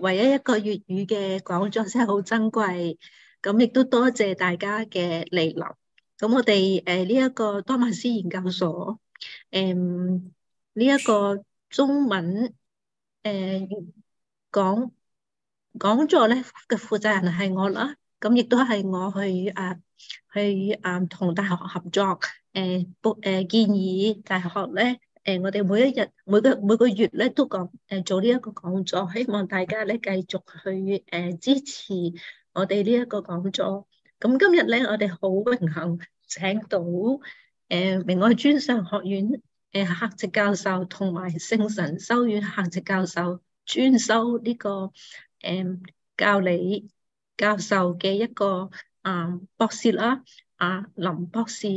唯一一個粵語嘅講座真係好珍貴，咁亦都多謝大家嘅嚟臨。咁我哋誒呢一個多瑪斯研究所，誒呢一個中文誒講講座咧嘅負責人係我啦，咁亦都係我去啊去與啊同大學合作，誒部誒建議大學咧。誒，我哋每一日每個每個月咧都講，誒做呢一個講座，希望大家咧繼續去誒支持我哋呢一個講座。咁今日咧，我哋好榮幸請到誒明愛專上學院誒客席教授，同埋聖神修院客席教授專修呢個誒教理教授嘅一個啊博士啦，阿林博士。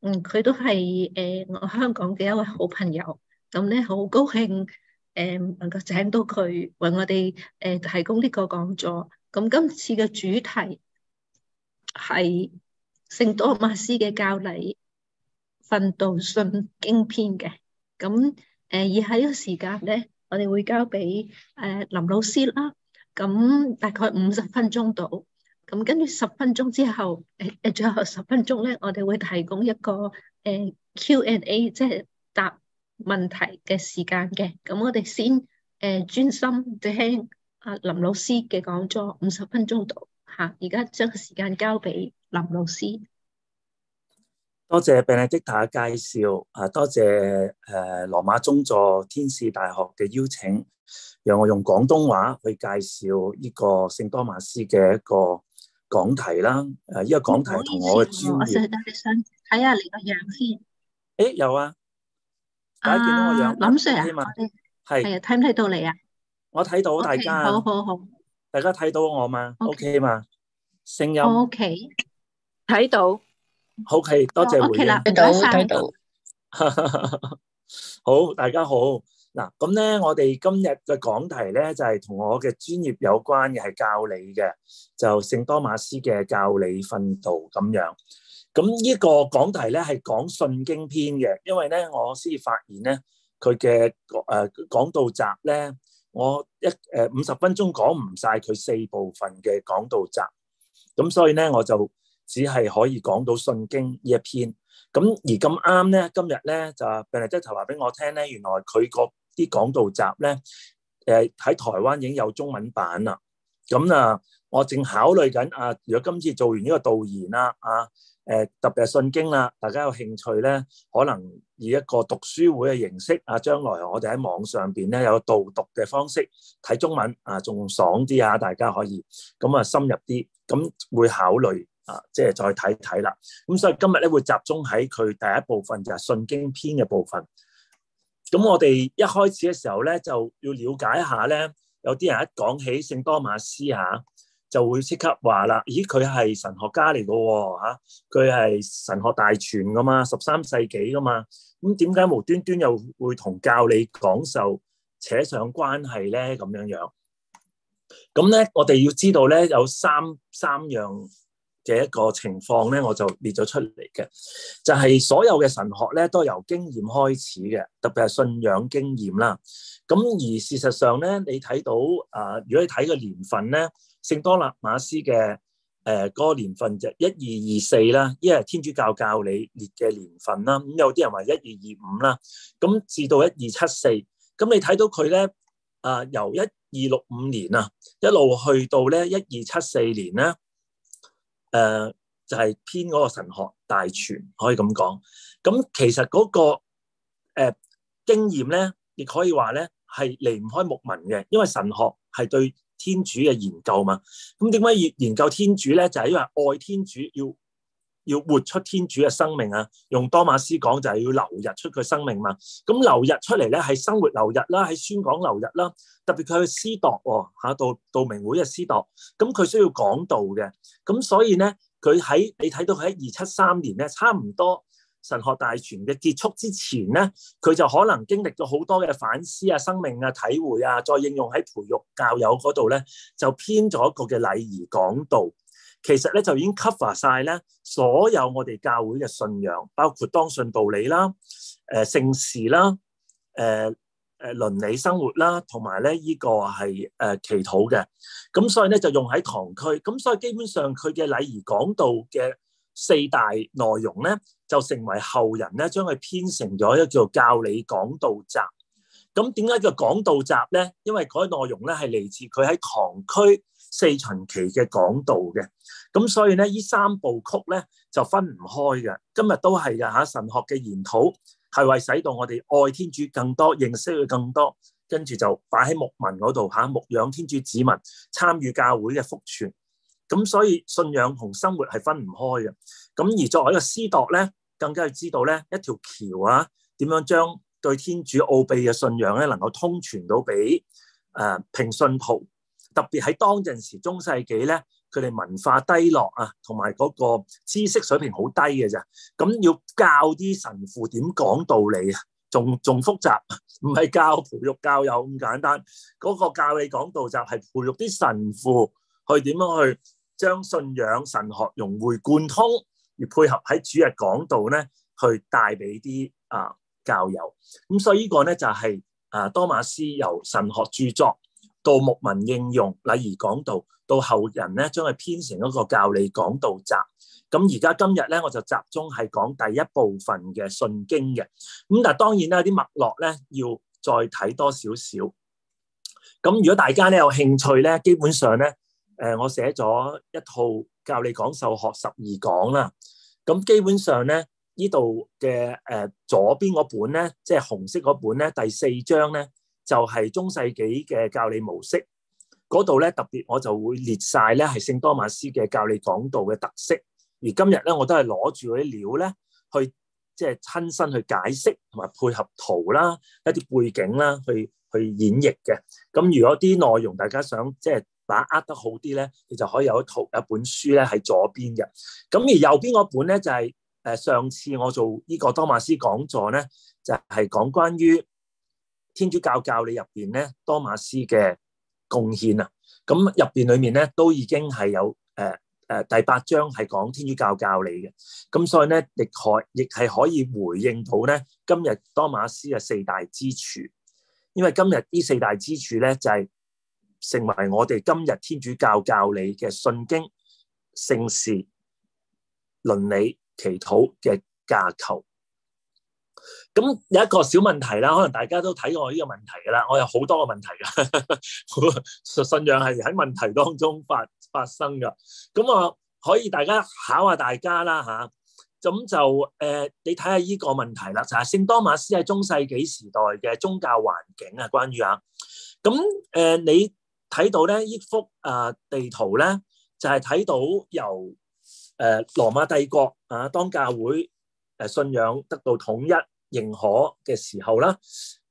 嗯，佢都係誒我香港嘅一位好朋友，咁咧好高興誒能夠請到佢為我哋誒提供呢個講座。咁今次嘅主題係聖多瑪斯嘅教理訓導信經篇嘅。咁誒以下呢個時間咧，我哋會交俾誒林老師啦。咁大概五十分鐘度。咁跟住十分鐘之後，誒最後十分鐘咧，我哋會提供一個誒 Q&A，即係答問題嘅時間嘅。咁我哋先誒專心聽阿林老師嘅講座五十分鐘度嚇。而家將時間交俾林老師。多謝 Benedicta 介紹啊，多謝誒羅馬中座天使大學嘅邀請，讓我用廣東話去介紹呢個聖多馬斯嘅一個。講題啦，誒，依個講題同我嘅專業，係啊，睇下你個樣先。誒，有啊，大家見到我樣諗住啊嘛，係係啊，睇唔睇到你啊？我睇到大家，好好好，大家睇到我嘛？OK 嘛？聲音 OK，睇到，OK，多謝回應，聽到，好，大家好。嗱，咁咧，我哋今日嘅講題咧就係、是、同我嘅專業有關嘅，係教理嘅，就聖多馬斯嘅教理訓導咁樣。咁呢個講題咧係講信經篇嘅，因為咧我先發現咧佢嘅誒講道集咧，我一誒五十分鐘講唔晒佢四部分嘅講道集，咁所以咧我就只係可以講到信經呢一篇。咁而咁啱咧，今日咧就 Ben 姐即係頭話俾我聽咧，原來佢個。啲講道集咧，誒喺台灣已經有中文版啦。咁啊，我正考慮緊啊，如果今次做完呢個導言啦，啊誒特別係信經啦，大家有興趣咧，可能以一個讀書會嘅形式啊，將來我哋喺網上邊咧有導讀嘅方式睇中文啊，仲爽啲啊，大家可以咁啊深入啲，咁會考慮啊，即係再睇睇啦。咁所以今日咧會集中喺佢第一部分就係信經篇嘅部分。咁我哋一開始嘅時候咧，就要了解一下咧，有啲人一講起聖多馬斯嚇、啊，就會即刻話啦，咦，佢係神學家嚟噶喎，佢係神學大全噶嘛，十三世紀噶嘛，咁點解無端端又會同教理講授扯上關係咧咁樣樣？咁咧，我哋要知道咧，有三三樣。嘅一個情況咧，我就列咗出嚟嘅，就係、是、所有嘅神學咧都係由經驗開始嘅，特別係信仰經驗啦。咁而事實上咧，你睇到啊、呃，如果你睇個年份咧，聖多瑪斯嘅誒嗰個年份就一二二四啦，因為天主教教你列嘅年份啦。咁有啲人話一二二五啦，咁至到一二七四，咁你睇到佢咧啊，由一二六五年啊一路去到咧一二七四年咧。誒、呃，就係編嗰個神學大全，可以咁講。咁其實嗰、嗰個誒、呃、經驗咧，亦可以話咧係離唔開牧民嘅，因為神學係對天主嘅研究嘛。咁點解要研究天主咧？就係、係、因為愛天主要。要活出天主嘅生命啊！用多瑪斯講就係要流溢出佢生命嘛。咁流溢出嚟咧，喺生活流溢啦，喺宣講流溢啦。特別佢去司鐸喎嚇，道道明會嘅司鐸，咁佢需要講道嘅。咁所以咧，佢喺你睇到佢喺二七三年咧，差唔多神學大全嘅結束之前咧，佢就可能經歷咗好多嘅反思啊、生命啊、體會啊，再應用喺培育教友嗰度咧，就編咗一個嘅禮儀講道。其實咧就已經 cover 晒咧所有我哋教會嘅信仰，包括當信道理啦、誒、呃、聖事啦、誒誒倫理生活啦，同埋咧呢個係誒祈禱嘅。咁所以咧就用喺堂區，咁所以基本上佢嘅禮儀講道嘅四大內容咧，就成為後人咧將佢編成咗一個叫做「教理講道集」。咁點解叫講道集咧？因為嗰啲內容咧係嚟自佢喺堂區。四旬期嘅講道嘅，咁所以咧呢呢三部曲咧就分唔開嘅。今日都係嘅嚇，神學嘅研討係為使到我哋愛天主更多，認識佢更多，跟住就擺喺牧民嗰度嚇，牧養天主子民，參與教會嘅福傳。咁所以信仰同生活係分唔開嘅。咁而作為一個司鐸咧，更加要知道咧一條橋啊，點樣將對天主奧秘嘅信仰咧能夠通傳到俾誒平信徒。特別喺當陣時中世紀咧，佢哋文化低落啊，同埋嗰個知識水平好低嘅咋，咁要教啲神父點講道理啊，仲仲複雜，唔係教培育教友咁簡單。嗰個教理講道就係培育啲神父去點樣去將信仰神學融會貫通，而配合喺主日講道咧，去帶俾啲啊教友。咁所以呢個咧就係啊多馬斯由神學著作。到牧民應用，例如講道，到後人咧將佢編成一個教理講道集。咁而家今日咧，我就集中係講第一部分嘅信經嘅。咁但係當然啦，啲脈絡咧要再睇多少少。咁如果大家咧有興趣咧，基本上咧，誒我寫咗一套教理講授學十二講啦。咁基本上咧，呢度嘅誒左邊嗰本咧，即係紅色嗰本咧，第四章咧。就係、是、中世紀嘅教理模式嗰度咧，特別我就會列晒咧係聖多馬斯嘅教理講道嘅特色。而今日咧，我都係攞住嗰啲料咧，去即係、就是、親身去解釋同埋配合圖啦、一啲背景啦，去去演繹嘅。咁如果啲內容大家想即係、就是、把握得好啲咧，你就可以有圖一，一本書咧喺左邊嘅。咁而右邊嗰本咧就係、是、誒上次我做呢個多馬斯講座咧，就係、是、講關於天主教教理入邊咧，多馬斯嘅貢獻啊，咁入邊裏面咧都已經係有誒誒、呃呃、第八章係講天主教教理嘅，咁所以咧亦可亦係可以回應到咧今日多馬斯嘅四大支柱，因為今日呢四大支柱咧就係、是、成為我哋今日天，天主教教理嘅信經、聖事、倫理、祈禱嘅架構。咁有一個小問題啦，可能大家都睇過我呢個問題噶啦，我有好多個問題噶，信仰係喺問題當中發發生噶。咁我可以大家考下大家啦吓，咁、啊、就誒、呃，你睇下呢個問題啦，就係、是、聖多馬斯喺中世紀時代嘅宗教環境啊，關於啊，咁誒、呃，你睇到咧呢這幅誒、呃、地圖咧，就係、是、睇到由誒羅、呃、馬帝國啊，當教會誒、呃、信仰得到統一。認可嘅時候啦，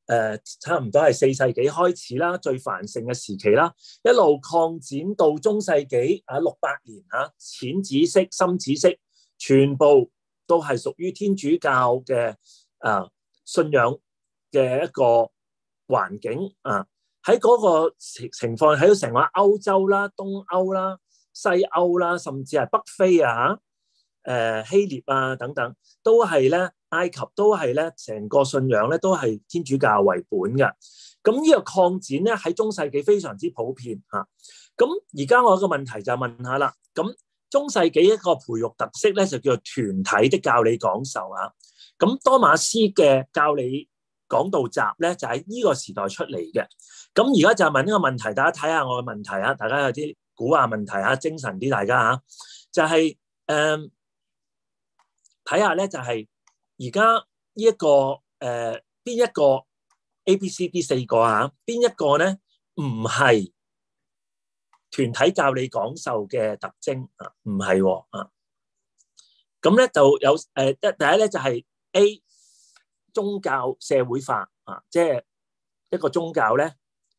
誒，差唔多係四世紀開始啦，最繁盛嘅時期啦，一路擴展到中世紀啊，六百年吓，淺紫色、深紫色，全部都係屬於天主教嘅啊信仰嘅一個環境啊，喺嗰個情情況，喺度成個歐洲啦、東歐啦、西歐啦，甚至係北非啊吓，誒，希臘啊等等，都係咧。埃及都係咧，成個信仰咧都係天主教為本嘅。咁呢個擴展咧喺中世紀非常之普遍吓。咁而家我個問題就問下啦。咁中世紀一個培育特色咧就叫做團體的教理講授啊。咁多馬斯嘅教理講道集咧就喺呢個時代出嚟嘅。咁而家就問呢個問題，大家睇下我嘅問題啊。大家有啲古話問題啊，精神啲大家啊。就係誒，睇下咧就係。而家呢一個誒邊一個 A、B、C、D 四個啊？邊一個咧唔係團體教理講授嘅特徵啊？唔係喎啊！咁咧就有誒第第一咧就係 A 宗教社會化啊，即係一個宗教咧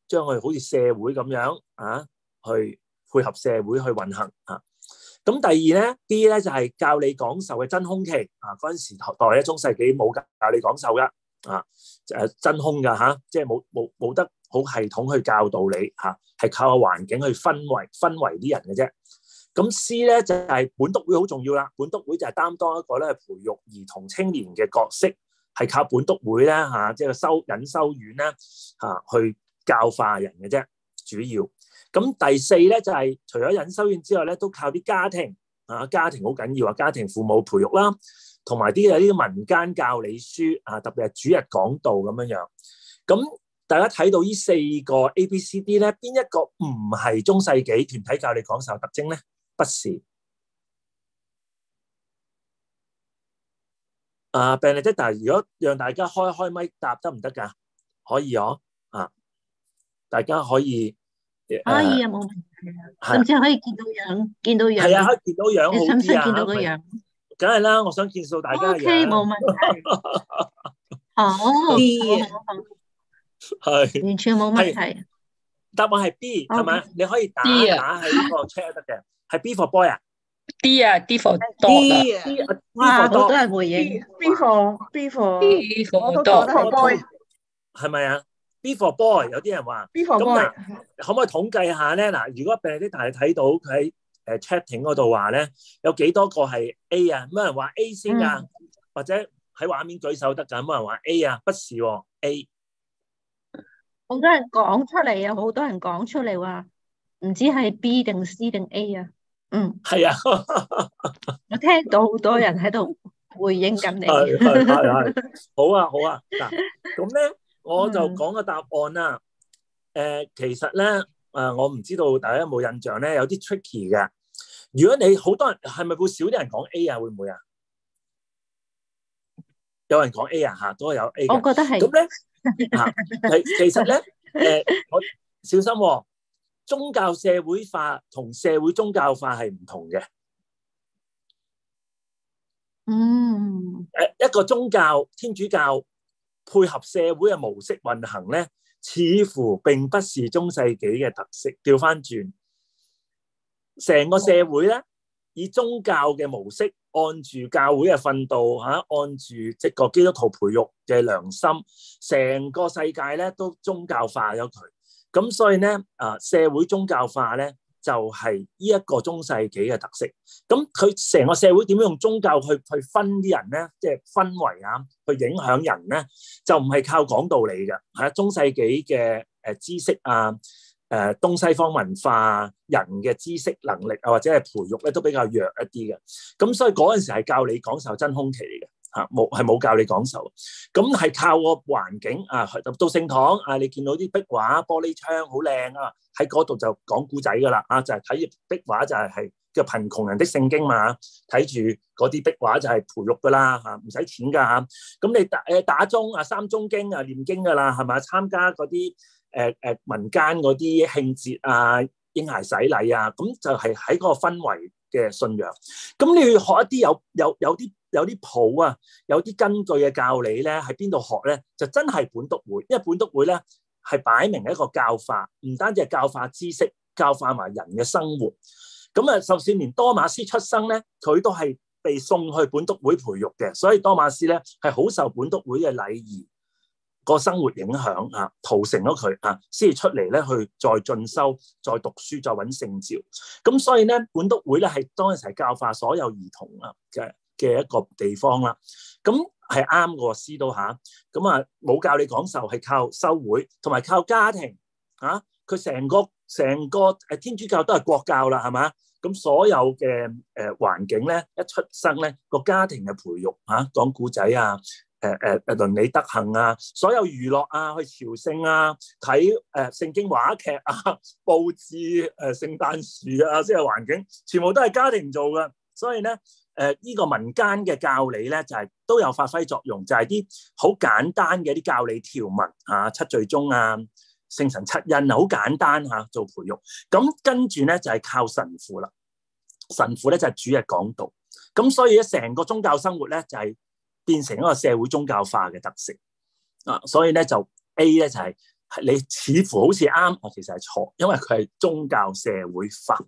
將佢好似社會咁樣啊，去配合社會去運行啊。咁第二咧，B 咧就係、是、教理講授嘅真空期，啊嗰陣時代咧中世紀冇教理講授噶，啊真空噶即係冇冇冇得好系統去教導你係、啊、靠環境去分為分為啲人嘅啫。咁 C 咧就係、是、本篤會好重要啦，本篤會就係擔當一個咧培育兒童青年嘅角色，係靠本篤會咧即係收隱修院咧去教化人嘅啫，主要。咁第四咧就係、是、除咗引修院之外咧，都靠啲家庭啊，家庭好緊要啊，家庭父母培育啦，同埋啲有啲民間教理書啊，特別係主日講道咁樣。咁大家睇到呢四個 A、B、C、D 咧，邊一個唔係中世紀團體教理講授特徵咧？不是。啊，Benedict 但係如果讓大家開開咪答得唔得噶？可以哦、啊。啊，大家可以。可以啊，冇問題啊，甚至可以見到樣、啊，見到樣係啊，可以見到樣一、啊，你想唔想見到個樣？梗係啦，我想見到大家嘅樣。O K，冇問題。 哦、好,好，B 係，完全冇問題。答案係 B 係、哦、嘛？B, 你可以打打喺、啊、個 check 得嘅，係、啊、B for boy 啊？D 啊 D for d, 啊 d, for 啊 d for 啊多啊 D for 多都係回應。B for B for B for 多,多都係咪啊？是 B for boy 有啲人話咁啊，可唔可以統計下咧？嗱，如果畀啲，大係睇到佢喺誒 chatting 嗰度話咧，有幾多個係 A 啊？咩人話 A 先噶、嗯？或者喺畫面舉手得噶？有冇人話 A 啊？不是、啊、A，好多人講出嚟啊！好多人講出嚟話唔知係 B 定 C 定 A 啊？嗯，係啊， 我聽到好多人喺度回應緊你，係係係，好啊好啊，嗱咁咧。我就講個答案啦。誒，其實咧，誒，我唔知道大家有冇印象咧，有啲 tricky 嘅。如果你好多人係咪會少啲人講 A 啊？會唔會啊？有人講 A 啊？嚇，都係有 A。我覺得係。咁咧，嚇，係其實咧，誒，我小心喎，宗教社會化同社會宗教化係唔同嘅。嗯。誒，一個宗教，天主教。配合社會嘅模式運行咧，似乎並不是中世紀嘅特色。就係呢一個中世紀嘅特色，咁佢成個社會點樣用宗教去去分啲人咧，即、就、係、是、氛圍啊，去影響人咧，就唔係靠講道理嘅嚇、啊。中世紀嘅誒知識啊，誒、啊、東西方文化人嘅知識能力啊，或者係培育咧都比較弱一啲嘅，咁所以嗰陣時係教你講受真空期嚟嘅。冇，係冇教你講授，咁係靠個環境啊，到聖堂啊，你見到啲壁畫、玻璃窗好靚啊，喺嗰度就講故仔噶啦，啊就係、是、睇壁畫就係、是、係叫貧窮人的聖經嘛，睇住嗰啲壁畫就係培育噶啦，嚇唔使錢噶嚇，咁你打誒、呃、打鐘啊，三鐘經，經、呃呃、啊，念經噶啦，係咪？參加嗰啲誒誒民間嗰啲慶節啊，嬰孩洗禮啊，咁就係喺嗰個氛圍嘅信仰，咁你要學一啲有有有啲。有有啲譜啊，有啲根據嘅教理咧，喺邊度學咧？就真係本篤會，因為本篤會咧係擺明一個教化，唔單止係教化知識，教化埋人嘅生活。咁啊，十四年多馬斯出生咧，佢都係被送去本篤會培育嘅，所以多馬斯咧係好受本篤會嘅禮儀、個生活影響啊，陶成咗佢啊，先至出嚟咧去再進修、再讀書、再揾聖召。咁所以咧，本篤會咧係當時係教化所有兒童啊嘅。嘅一個地方啦，咁係啱我喎，師到嚇，咁啊冇、啊、教你講授，係靠修會，同埋靠家庭啊。佢成個成個誒、啊、天主教都係國教啦，係嘛？咁、啊、所有嘅誒、啊、環境咧，一出生咧個家庭嘅培育啊，講古仔啊，誒誒誒倫理德行啊，所有娛樂啊，去朝聖啊，睇誒、啊、聖經話劇啊，佈置誒聖誕樹啊，即、啊、係環境，全部都係家庭做嘅，所以咧。誒、呃、呢、這個民間嘅教理咧，就係、是、都有發揮作用，就係啲好簡單嘅啲教理條文嚇、啊，七罪宗啊，聖神七印很啊，好簡單嚇做培育。咁、啊、跟住咧就係、是、靠神父啦，神父咧就係、是、主日講道。咁所以咧成個宗教生活咧就係、是、變成一個社會宗教化嘅特色啊。所以咧就 A 咧就係、是、你似乎好似啱，我其實係錯，因為佢係宗教社會化。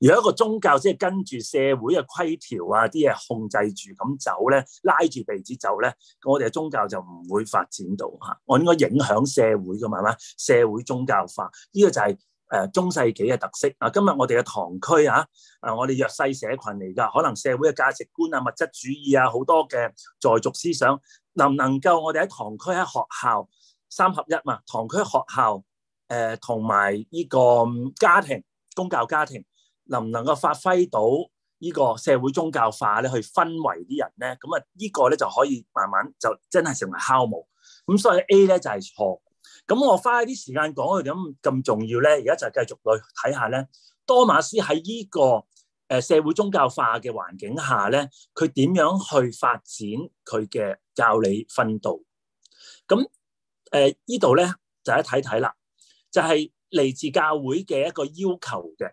如果一個宗教即係、就是、跟住社會嘅規條啊啲嘢控制住咁走咧，拉住鼻子走咧，我哋嘅宗教就唔會發展到嚇、啊。我應該影響社會噶嘛？嘛社會宗教化呢、這個就係、是、誒、呃、中世紀嘅特色啊。今日我哋嘅堂區啊，啊我哋弱勢社群嚟㗎，可能社會嘅價值觀啊、物質主義啊好多嘅在俗思想，能唔能夠我哋喺堂區喺學校三合一嘛？堂區學校誒同埋呢個家庭公教家庭。能唔能夠發揮到呢個社會宗教化咧，去分圍啲人咧？咁啊，呢個咧就可以慢慢就真係成為酵母。咁所以 A 咧就係、是、錯。咁我花一啲時間講佢咁咁重要咧，而家就繼續去睇下咧。多瑪斯喺呢個誒社會宗教化嘅環境下咧，佢點樣去發展佢嘅教理訓導？咁誒、呃、呢度咧就一睇睇啦，就係、是、嚟自教會嘅一個要求嘅。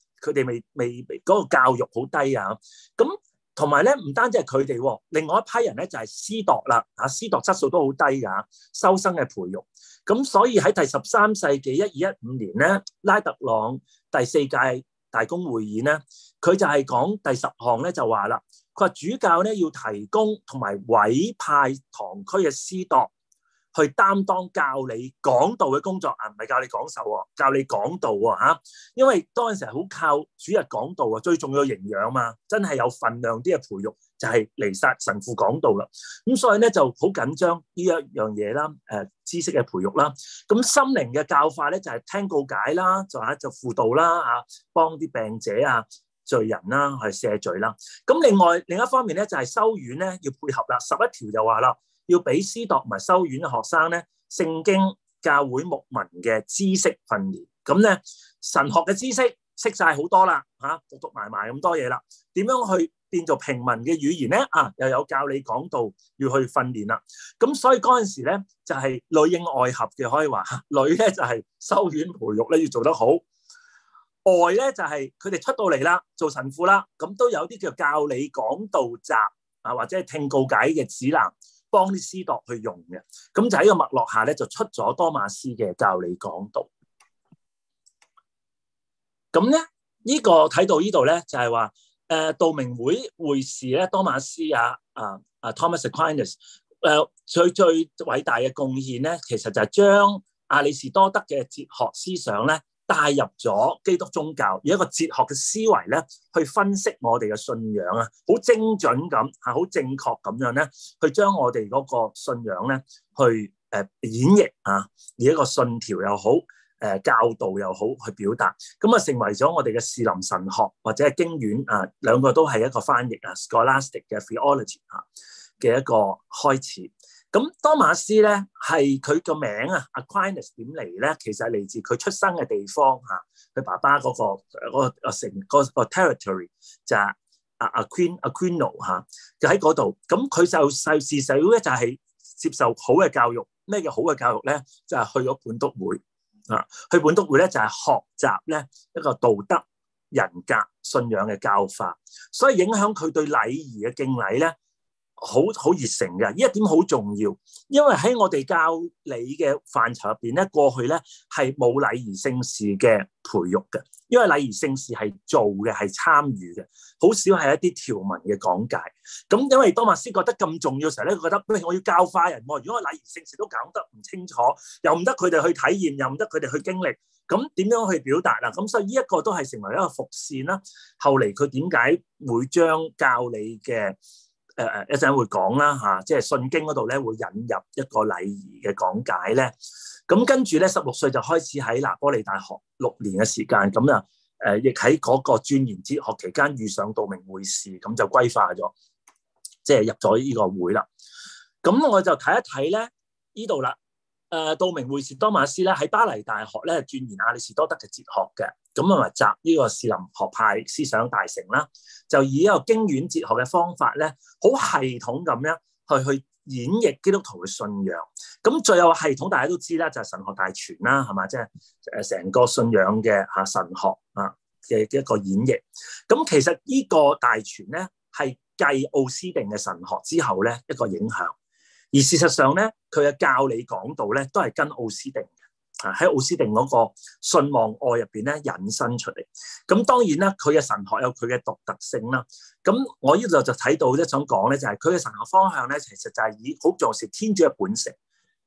佢哋未未嗰個教育好低啊！咁同埋咧，唔單止係佢哋，另外一批人咧就係司鐸啦，嚇司鐸質素都好低啊，修生嘅培育。咁所以喺第十三世紀一二一五年咧，拉特朗第四屆大公會議咧，佢就係講第十項咧就話啦，佢話主教咧要提供同埋委派堂區嘅司鐸。」去擔當教你講道嘅工作啊，唔係教你講授喎，教你講道喎、啊、因為嗰陣時係好靠主日講道啊，最重要嘅營養嘛，真係有份量啲嘅培育就係嚟曬神父講道啦。咁所以咧就好緊張呢一樣嘢啦，誒、呃、知識嘅培育啦。咁心靈嘅教化咧就係、是、聽告解啦，就話就輔導啦，啊幫啲病者啊罪人啦、啊、去赦罪啦。咁另外另一方面咧就係、是、修院咧要配合啦。十一條就話啦。要俾司鐸同埋修院嘅學生咧，聖經、教會牧民嘅知識訓練，咁咧神學嘅知識識晒好多啦，嚇、啊、讀讀埋埋咁多嘢啦，點樣去變做平民嘅語言咧？啊，又有教你講道要去訓練啦。咁所以嗰陣時咧，就係、是、內應外合嘅，可以話內咧就係、是、修院培育咧要做得好，外咧就係佢哋出到嚟啦，做神父啦，咁都有啲叫教你講道集啊，或者係聽告解嘅指南。幫啲司鐸去用嘅，咁就喺個脈絡下咧，就出咗多馬斯嘅教理講道。咁咧呢、呢個睇到呢度咧，就係話誒道明會會士咧多馬斯啊啊啊 Thomas Aquinas，誒、呃、最最偉大嘅貢獻咧，其實就係將阿里士多德嘅哲學思想咧。帶入咗基督宗教，以一個哲學嘅思維咧，去分析我哋嘅信仰啊，好精準咁，嚇好正確咁樣咧，去將我哋嗰個信仰咧，去誒演繹啊，以一個信條又好，誒教導又好去表達，咁啊成為咗我哋嘅士林神學或者係經院啊兩個都係一個翻譯啊 scholastic 嘅 theology 嚇嘅一個開始。咁多瑪斯咧，係佢個名啊，Aquinas 點嚟咧？其實係嚟自佢出生嘅地方嚇，佢爸爸嗰、嗰個嗰、嗰個嗰個城、嗰個 territory 就係阿阿 Queen Aquino 嚇，佢就喺嗰度。咁佢就細時細咧就係接受好嘅教育，咩叫好嘅教育咧？就係、係、去咗本篤會啊，去本篤會咧就係學習咧一個道德人格信仰嘅教化，所以影響佢對禮儀嘅敬禮咧。好好熱誠嘅，呢一點好重要，因為喺我哋教理嘅範疇入邊咧，過去咧係冇禮儀聖事嘅培育嘅，因為禮儀聖事係做嘅，係參與嘅，好少係一啲條文嘅講解。咁因為多瑪斯覺得咁重要嘅時候咧，佢覺得，喂，我要教化人喎，如果我禮儀聖事都搞得唔清楚，又唔得佢哋去體驗，又唔得佢哋去經歷，咁點樣去表達啊？咁所以呢一個都係成為一個伏線啦。後嚟佢點解會將教理嘅？誒誒一陣會講啦嚇，即係《信經》嗰度咧會引入一個禮儀嘅講解咧。咁跟住咧，十六歲就開始喺拿波利大學六年嘅時間，咁啊誒，亦喺嗰個鑽研哲學期間遇上道明會士，咁就歸化咗，即係入咗呢個會啦。咁我就睇一睇咧呢度啦。誒、呃、道明會士多瑪斯咧喺巴黎大學咧鑽研亞里士多德嘅哲學嘅。咁啊，集呢個士林學派思想大成啦，就以一個經院哲學嘅方法咧，好系統咁樣去去演繹基督徒嘅信仰。咁最後系統，大家都知啦，就係、是、神學大全啦，係嘛？即係成個信仰嘅、啊、神學啊嘅嘅一個演繹。咁其實呢個大全咧，係繼奧斯定嘅神學之後咧一個影響。而事實上咧，佢嘅教理講道咧，都係跟奧斯定。啊！喺奧斯定嗰個信望愛入邊咧，引申出嚟。咁當然啦，佢嘅神學有佢嘅獨特性啦。咁我呢度就睇到咧，即係、想講咧就係佢嘅神學方向咧，其實就係以好重視天主嘅本性。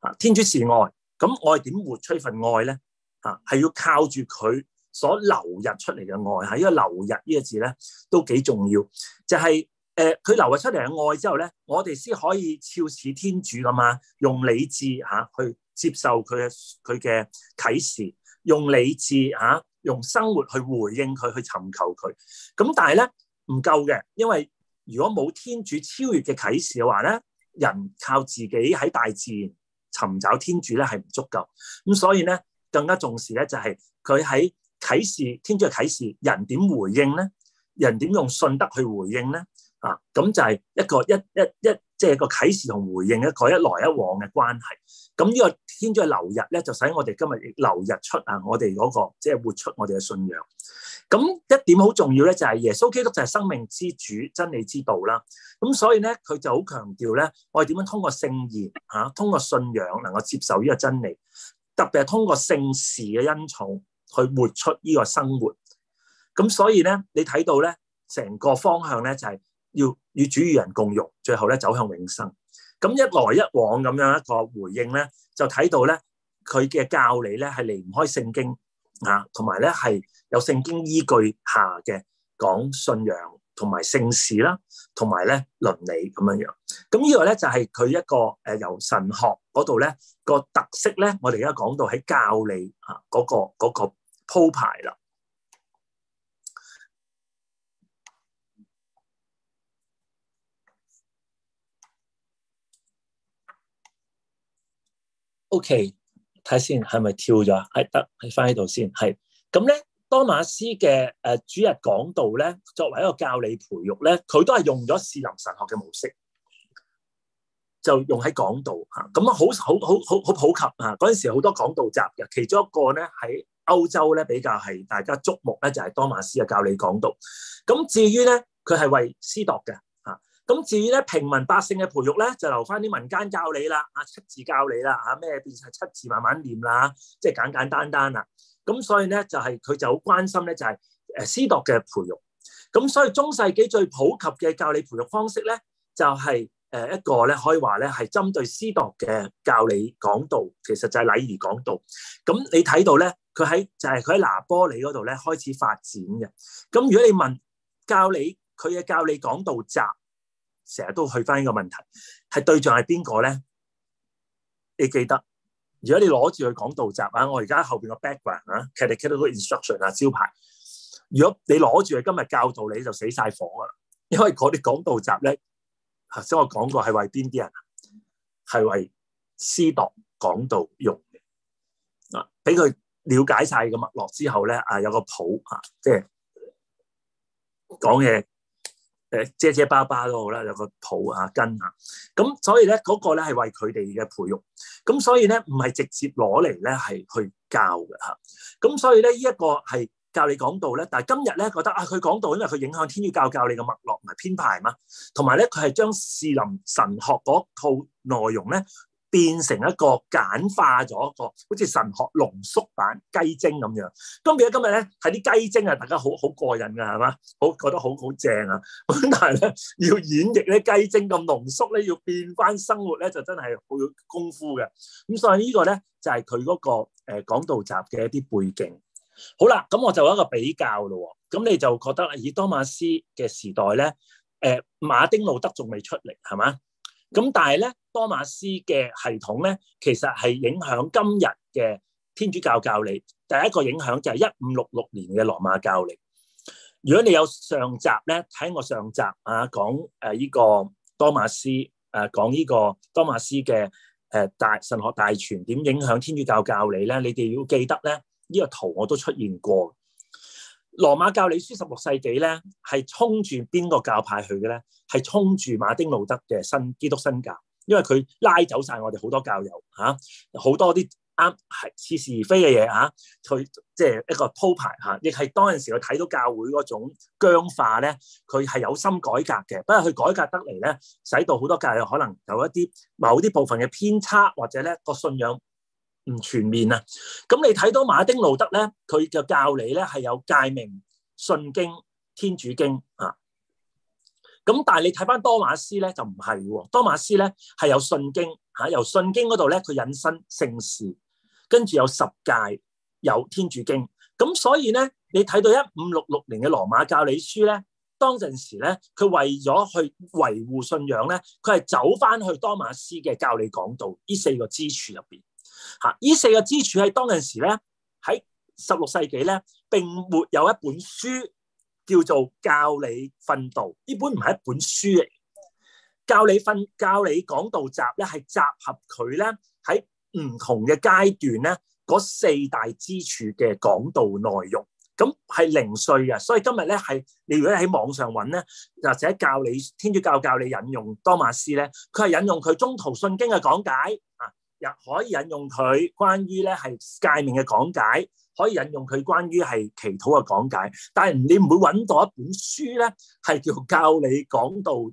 啊，天主是愛。咁愛點活出一份愛咧？啊，係要靠住佢所流溢出嚟嘅愛。吓、啊，因為流溢呢個字咧都幾重要。就係、是、誒，佢、呃、流溢出嚟嘅愛之後咧，我哋先可以照似天主咁嘛，用理智吓、啊、去。接受佢嘅佢嘅啟示，用理智、啊、用生活去回應佢，去尋求佢。咁但係咧，唔夠嘅，因為如果冇天主超越嘅啟示嘅話咧，人靠自己喺大自然尋找天主咧係唔足夠。咁所以咧，更加重視咧就係佢喺啟示，天主嘅啟示，人點回應咧？人點用信德去回應咧？啊，咁就係一個一一一，即係、就是、個啟示同回應一個一來一往嘅關係。咁呢個天主嘅流入咧，就使我哋今日流日流入出啊！我哋嗰、那個即係、就是、活出我哋嘅信仰。咁一點好重要咧，就係、是、耶穌基督就係生命之主、真理之道啦。咁所以咧，佢就好強調咧，我哋點樣通過聖言嚇、啊，通過信仰能夠接受呢個真理，特別係通過聖事嘅恩寵去活出呢個生活。咁所以咧，你睇到咧，成個方向咧就係、是。要與主與人共融，最後咧，走向永生。咁一來一往咁樣一個回應咧，就睇到咧佢嘅教理咧係離唔開聖經啊，同埋咧係有聖經依據下嘅講信仰同埋聖事啦，同埋咧倫理咁樣樣。咁呢個咧就係、是、佢一個誒、呃、由神學嗰度咧個特色咧，我哋而家講到喺教理啊嗰、那個嗰、那個、鋪排啦。O.K. 睇下先，係咪跳咗？係得，係翻呢度先。係咁咧，多馬斯嘅誒主日講道咧，作為一個教理培育咧，佢都係用咗士林神學嘅模式，就用喺講道吓。咁啊，好好好好好普及吓。嗰陣時好多講道集嘅，其中一個咧喺歐洲咧比較係大家矚目咧，就係、是、多馬斯嘅教理講道。咁至於咧，佢係為私讀嘅。咁至於咧，平民百姓嘅培育咧，就留翻啲民間教理啦，啊七字教理啦，啊咩變曬七字慢慢唸啦，即係簡簡單單啦。咁所以咧就係佢就好關心咧，就係誒司鐸嘅培育。咁所以中世紀最普及嘅教理培育方式咧，就係誒一個咧，可以話咧係針對司鐸嘅教理講道，其實就係禮儀講道。咁你睇到咧，佢喺就係佢喺拿波里嗰度咧開始發展嘅。咁如果你問教理佢嘅教理講道集，成日都去翻呢個問題，係對象係邊個咧？你記得，如果你攞住去講道集啊，我而家後邊個 background 啊，提到個 Catechetical Instruction 啊招牌。如果你攞住佢今日教導你，就死晒火啦，因為嗰啲講道集咧，即我講過係為邊啲人？係為司鐸講道用嘅，嗱、啊，俾佢了解曬脈絡之後咧，啊有個譜啊，即係講嘢。誒遮遮巴巴都好啦，有個抱啊根啊，咁所以咧，嗰個咧係為佢哋嘅培育，咁所以咧唔係直接攞嚟咧係去教嘅嚇，咁所以咧呢一個係教你講道咧，但係今日咧覺得啊，佢講道因為佢影響天主教教你嘅脈絡同埋編排嘛，同埋咧佢係將士林神學嗰套內容咧。變成一個簡化咗一個，好似神學濃縮版雞精咁樣。咁記得今日咧，睇啲雞精啊，大家好好過癮嘅係嘛？好覺得好好正啊。本但係咧，要演繹啲雞精咁濃縮咧，要變翻生活咧，就真係好有功夫嘅。咁所以這個呢、就是他那個咧就係佢嗰個誒講道集嘅一啲背景。好啦，咁我就有一個比較咯。咁你就覺得啦，以多馬斯嘅時代咧，誒、呃、馬丁路德仲未出嚟係嘛？咁但係咧。多馬斯嘅系統咧，其實係影響今日嘅天主教教理。第一個影響就係一五六六年嘅羅馬教理。如果你有上集咧，睇我上集啊，講誒呢個多馬斯誒、啊、講呢個多馬斯嘅誒大神學大全點影響天主教教理咧，你哋要記得咧，呢個圖我都出現過。羅馬教理書十六世紀咧係衝住邊個教派去嘅咧？係衝住馬丁路德嘅新基督新教。因為佢拉走晒我哋好多教友嚇，好、啊、多啲啱係似是而非嘅嘢嚇，佢即係一個鋪排嚇。亦、啊、係當陣時，佢睇到教會嗰種僵化咧，佢係有心改革嘅，不過佢改革得嚟咧，使到好多教友可能有一啲某啲部分嘅偏差，或者咧個信仰唔全面啊。咁你睇到馬丁路德咧，佢嘅教理咧係有誡命、信經、天主經啊。咁但係你睇翻多馬斯咧就唔係喎。多馬斯咧係有信經，啊、由信經嗰度咧佢引申聖事，跟住有十誡，有天主經。咁所以咧，你睇到一五六六年嘅羅馬教理書咧，當陣時咧佢為咗去維護信仰咧，佢係走翻去多馬斯嘅教理講道呢四個支柱入邊，啊、呢四個支柱喺當陣時咧喺十六世紀咧，並沒有一本書叫做教理訓導，呢本唔係一本書嚟。教理訓、教理講道集咧，係集合佢咧喺唔同嘅階段咧嗰四大支柱嘅講道內容，咁係零碎嘅。所以今日咧係你如果喺網上揾咧，或者教理天主教教理引用多瑪斯咧，佢係引用佢中途信經嘅講解啊，又可以引用佢關於咧係界面嘅講解。可以引用佢關於係祈禱嘅講解，但係你唔會揾到一本書咧，係叫教理講道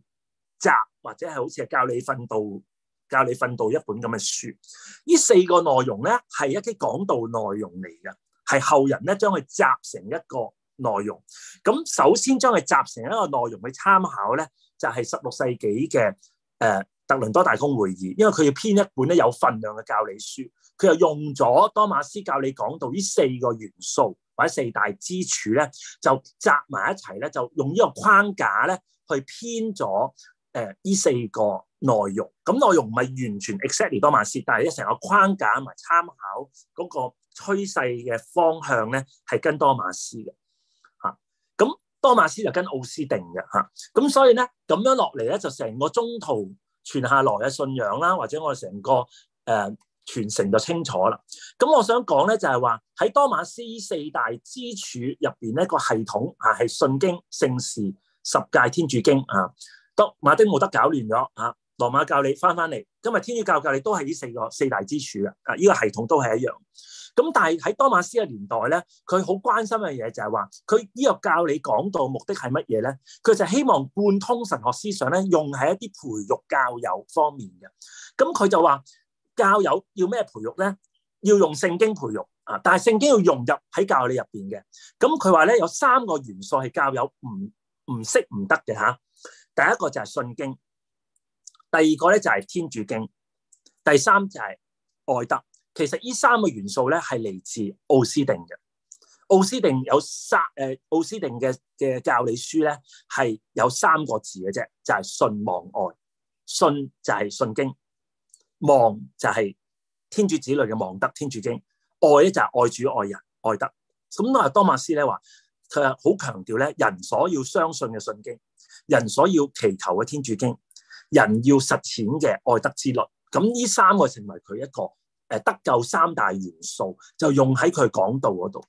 集或者係好似係教理訓導、教理訓導一本咁嘅書。呢四個內容咧係一啲講道內容嚟嘅，係後人咧將佢集成一個內容。咁首先將佢集成一個內容去參考咧，就係十六世紀嘅誒特倫多大公會議，因為佢要編一本咧有份量嘅教理書。佢又用咗多瑪斯教你講到呢四個元素或者四大支柱咧，就集埋一齊咧，就用呢個框架咧去編咗誒呢四個內容。咁內容唔係完全 exactly 多瑪斯，但係咧成個框架同埋參考嗰個趨勢嘅方向咧係跟多瑪斯嘅嚇。咁多瑪斯就跟奧斯定嘅嚇。咁所以咧咁樣落嚟咧就成個中途傳下來嘅信仰啦，或者我哋成個誒。呃傳承就清楚啦。咁我想講咧，就係話喺多馬斯四大支柱入邊咧個系統啊，係信經聖事十誡天主經啊。多馬丁冇得搞亂咗啊！羅馬教理翻翻嚟，今日天,天主教教理都係呢四個四大支柱啊！啊，呢、這個系統都係一樣。咁但係喺多馬斯嘅年代咧，佢好關心嘅嘢就係話，佢呢個教理講到目的係乜嘢咧？佢就希望貫通神學思想咧，用喺一啲培育教友方面嘅。咁佢就話。教友要咩培育咧？要用聖經培育啊！但係聖經要融入喺教理入邊嘅。咁佢話咧，有三個元素係教友唔唔識唔得嘅吓。第一個就係信經，第二個咧就係天主經，第三就係愛德。其實呢三個元素咧係嚟自奧斯定嘅。奧斯定有三誒，奧斯定嘅嘅教理書咧係有三個字嘅啫，就係、是、信望愛。信就係信經。望就係天主子女嘅望德，天主經，愛咧就係愛主愛人愛德。咁啊多瑪斯咧話佢係好強調咧人所要相信嘅信經，人所要祈求嘅天主經，人要實踐嘅愛德之律，咁呢三個成為佢一個誒得救三大元素，就用喺佢講道嗰度。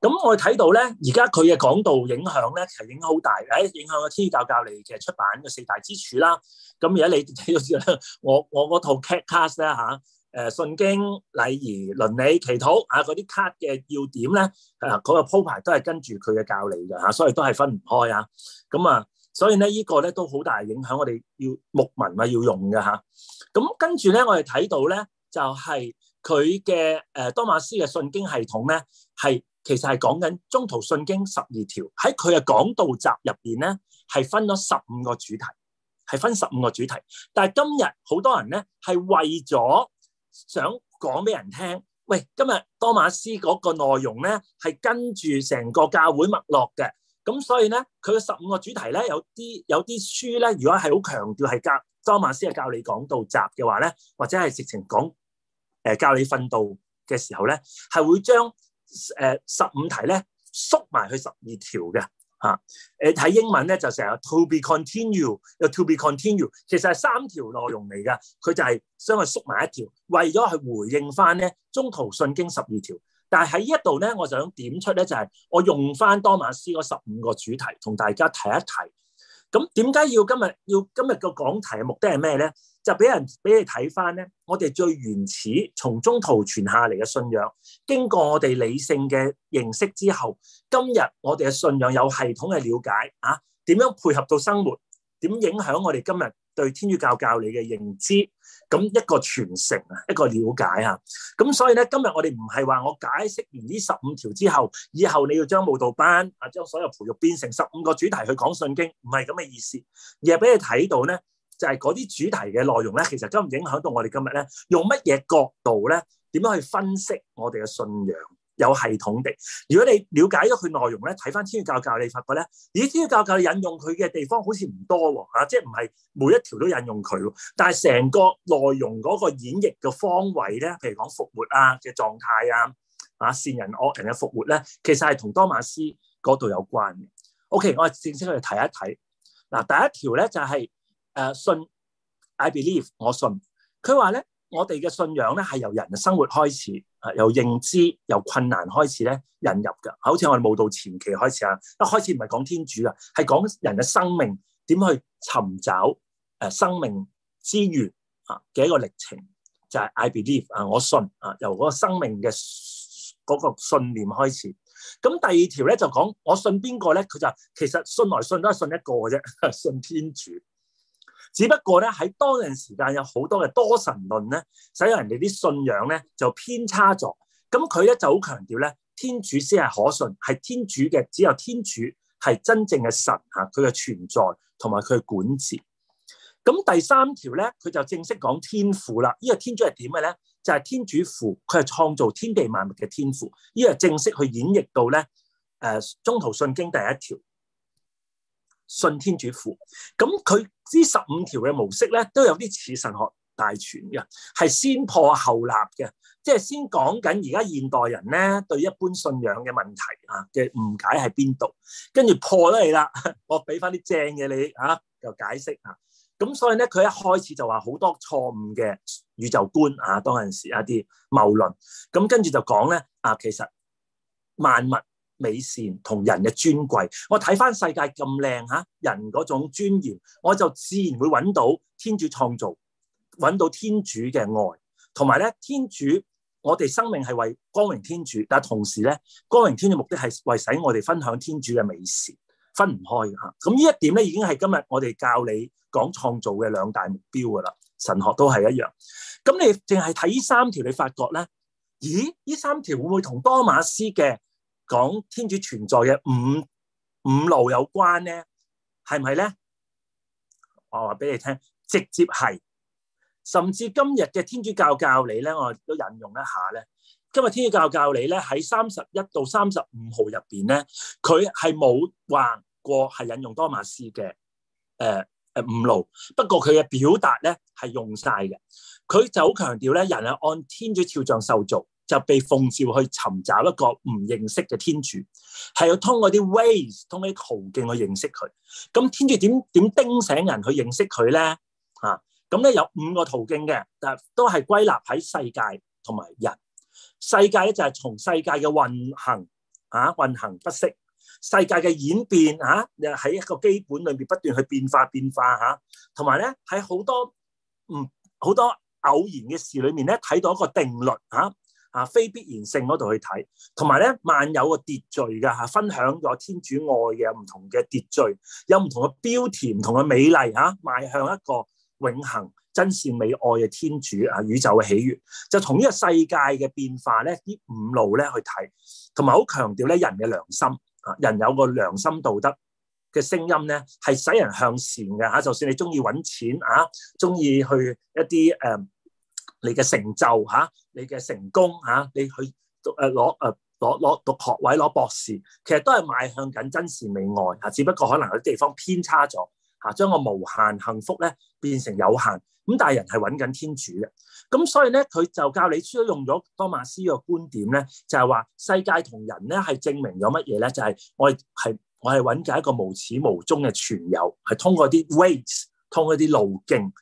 咁我睇到咧，而家佢嘅講道影響咧係影響好大，誒、哎、影響個天教教理嘅出版嘅四大支柱啦。咁而家你睇到之後咧，我我嗰套 cardcast 咧、啊、信經、禮儀、倫理、祈禱啊嗰啲 card 嘅要點咧，嗰、啊、個鋪排都係跟住佢嘅教理嘅吓、啊，所以都係分唔開啊。咁啊，所以咧呢、呢個咧都好大影響我哋要牧民嘛要用嘅吓，咁、啊、跟住咧我哋睇到咧就係佢嘅多馬斯嘅信經系統咧係。其實係講緊中途信經十二條，喺佢嘅講道集入邊咧係分咗十五個主題係分十五個主題，但係今日好多人咧係為咗想講俾人聽，喂，今日多馬斯嗰個內容咧係跟住成個教會脈絡嘅，咁所以咧佢嘅十五個主題咧有啲有啲書咧如果係好強調係教多馬斯係教你講道集嘅話咧，或者係直情講誒教你訓導嘅時候咧係會將。誒，十五題咧縮埋去十二條嘅吓，誒、啊、睇英文咧就成日 to be continued 又 to be continued 其實係三條內容嚟噶，佢就係將佢縮埋一條，為咗去回應翻咧中途信經十二條。但係喺呢一度咧，我想點出咧就係、是、我用翻多瑪斯嗰十五個主題同大家提一提。咁點解要今日要今日個講題目的係咩咧？就俾人俾你睇翻咧，我哋最原始從宗徒傳下嚟嘅信仰，經過我哋理性嘅認識之後，今日我哋嘅信仰有系統嘅了解啊，點樣配合到生活，點影響我哋今日對天主教教理嘅認知，咁一個傳承啊，一個了解啊，咁所以咧，今日我哋唔係話我解釋完呢十五條之後，以後你要將慕道班啊，將所有培育變成十五個主題去講信經，唔係咁嘅意思，而係俾你睇到咧。就係嗰啲主題嘅內容咧，其實都唔影響到我哋今日咧，用乜嘢角度咧，點樣去分析我哋嘅信仰有系統的。如果你了解咗佢內容咧，睇翻天主教教理，你發覺咧，咦？天主教教理引用佢嘅地方好似唔多喎、啊啊，即係唔係每一條都引用佢？但係成個內容嗰個演繹嘅方位咧，譬如講復活啊嘅狀態啊，啊善人惡人嘅復活咧，其實係同多馬斯嗰度有關嘅。OK，我哋正式去睇一睇。嗱，第一條咧就係。誒，信，I believe，我信。佢話咧，我哋嘅信仰咧係由人嘅生活開始，啊，由認知、由困難開始咧引入噶。好似我哋慕道前期開始啊，一開始唔係講天主啊，係講人嘅生命點去尋找誒生命之源啊嘅一個歷程，就係、是、I believe 啊，我信啊，由嗰個生命嘅嗰個信念開始。咁第二條咧就講我信邊個咧，佢就其實信來信都係信一個嘅啫，信天主。只不過咧喺當陣時間有好多嘅多神論咧，使到人哋啲信仰咧就偏差咗。咁佢咧就好強調咧，天主先係可信，係天主嘅，只有天主係真正嘅神啊！佢嘅存在同埋佢嘅管治。咁第三條咧，佢就正式講天父啦。呢、這個天主係點嘅咧？就係、是、天主父，佢係創造天地萬物嘅天父。呢、這個正式去演繹到咧，誒、呃，宗徒信經第一條。信天主父，咁佢呢十五條嘅模式咧，都有啲似神學大全嘅，係先破後立嘅，即係先講緊而家現代人咧對一般信仰嘅問題啊嘅誤解係邊度，跟住破咗你啦，我俾翻啲正嘅你啊，又解釋啊，咁所以咧佢一開始就話好多錯誤嘅宇宙觀啊，當陣時一啲謬論，咁跟住就講咧啊，其實萬物。美善同人嘅尊貴，我睇翻世界咁靚吓，人嗰種尊嚴，我就自然會揾到天主創造，揾到天主嘅愛，同埋咧天主，我哋生命係為光榮天主，但係同時咧光榮天主嘅目的係為使我哋分享天主嘅美善，分唔開吓。咁呢一點咧已經係今日我哋教你講創造嘅兩大目標噶啦，神學都係一樣。咁你淨係睇三條，你發覺咧，咦？呢三條會唔會同多瑪斯嘅？講天主存在嘅五五路有關咧，係咪咧？我話俾你聽，直接係，甚至今日嘅天主教教理咧，我亦都引用一下咧。今日天主教教理咧喺三十一到三十五號入邊咧，佢係冇話過係引用多瑪斯嘅誒誒五路，不過佢嘅表達咧係用晒嘅，佢就好強調咧，人係按天主肖像受造。就被奉召去尋找一個唔認識嘅天主，係要通過啲 ways，通過啲途徑去認識佢。咁天主點點叮醒人去認識佢咧？啊，咁咧有五個途徑嘅，但都係歸納喺世界同埋人。世界咧就係從世界嘅運行啊，運行不息；世界嘅演變啊，喺一個基本裏面不斷去變化變化嚇。同埋咧喺好多唔好、嗯、多偶然嘅事裏面咧，睇到一個定律嚇。啊啊，非必然性嗰度去睇，同埋咧萬有嘅秩序噶，哈，分享咗天主愛嘅唔同嘅秩序，有唔同嘅標題，唔同嘅美麗，哈、啊，邁向一個永恆真善美愛嘅天主啊，宇宙嘅喜悦，就從呢個世界嘅變化咧，啲五路咧去睇，同埋好強調咧人嘅良心，啊，人有個良心道德嘅聲音咧，係使人向善嘅，哈、啊，就算你中意搵錢啊，中意去一啲誒。啊你嘅成就嚇，你嘅成功嚇，你去讀誒攞誒攞攞讀學位，攞博士，其實都係邁向緊真善美愛嚇，只不過可能有啲地方偏差咗嚇，將個無限幸福咧變成有限。咁但係人係揾緊天主嘅，咁所以咧佢就教你用咗多瑪斯嘅觀點咧，就係話世界同人咧係證明咗乜嘢咧？就係我係我係揾緊一個無始無終嘅存有，係通過啲 ways，通過啲路徑。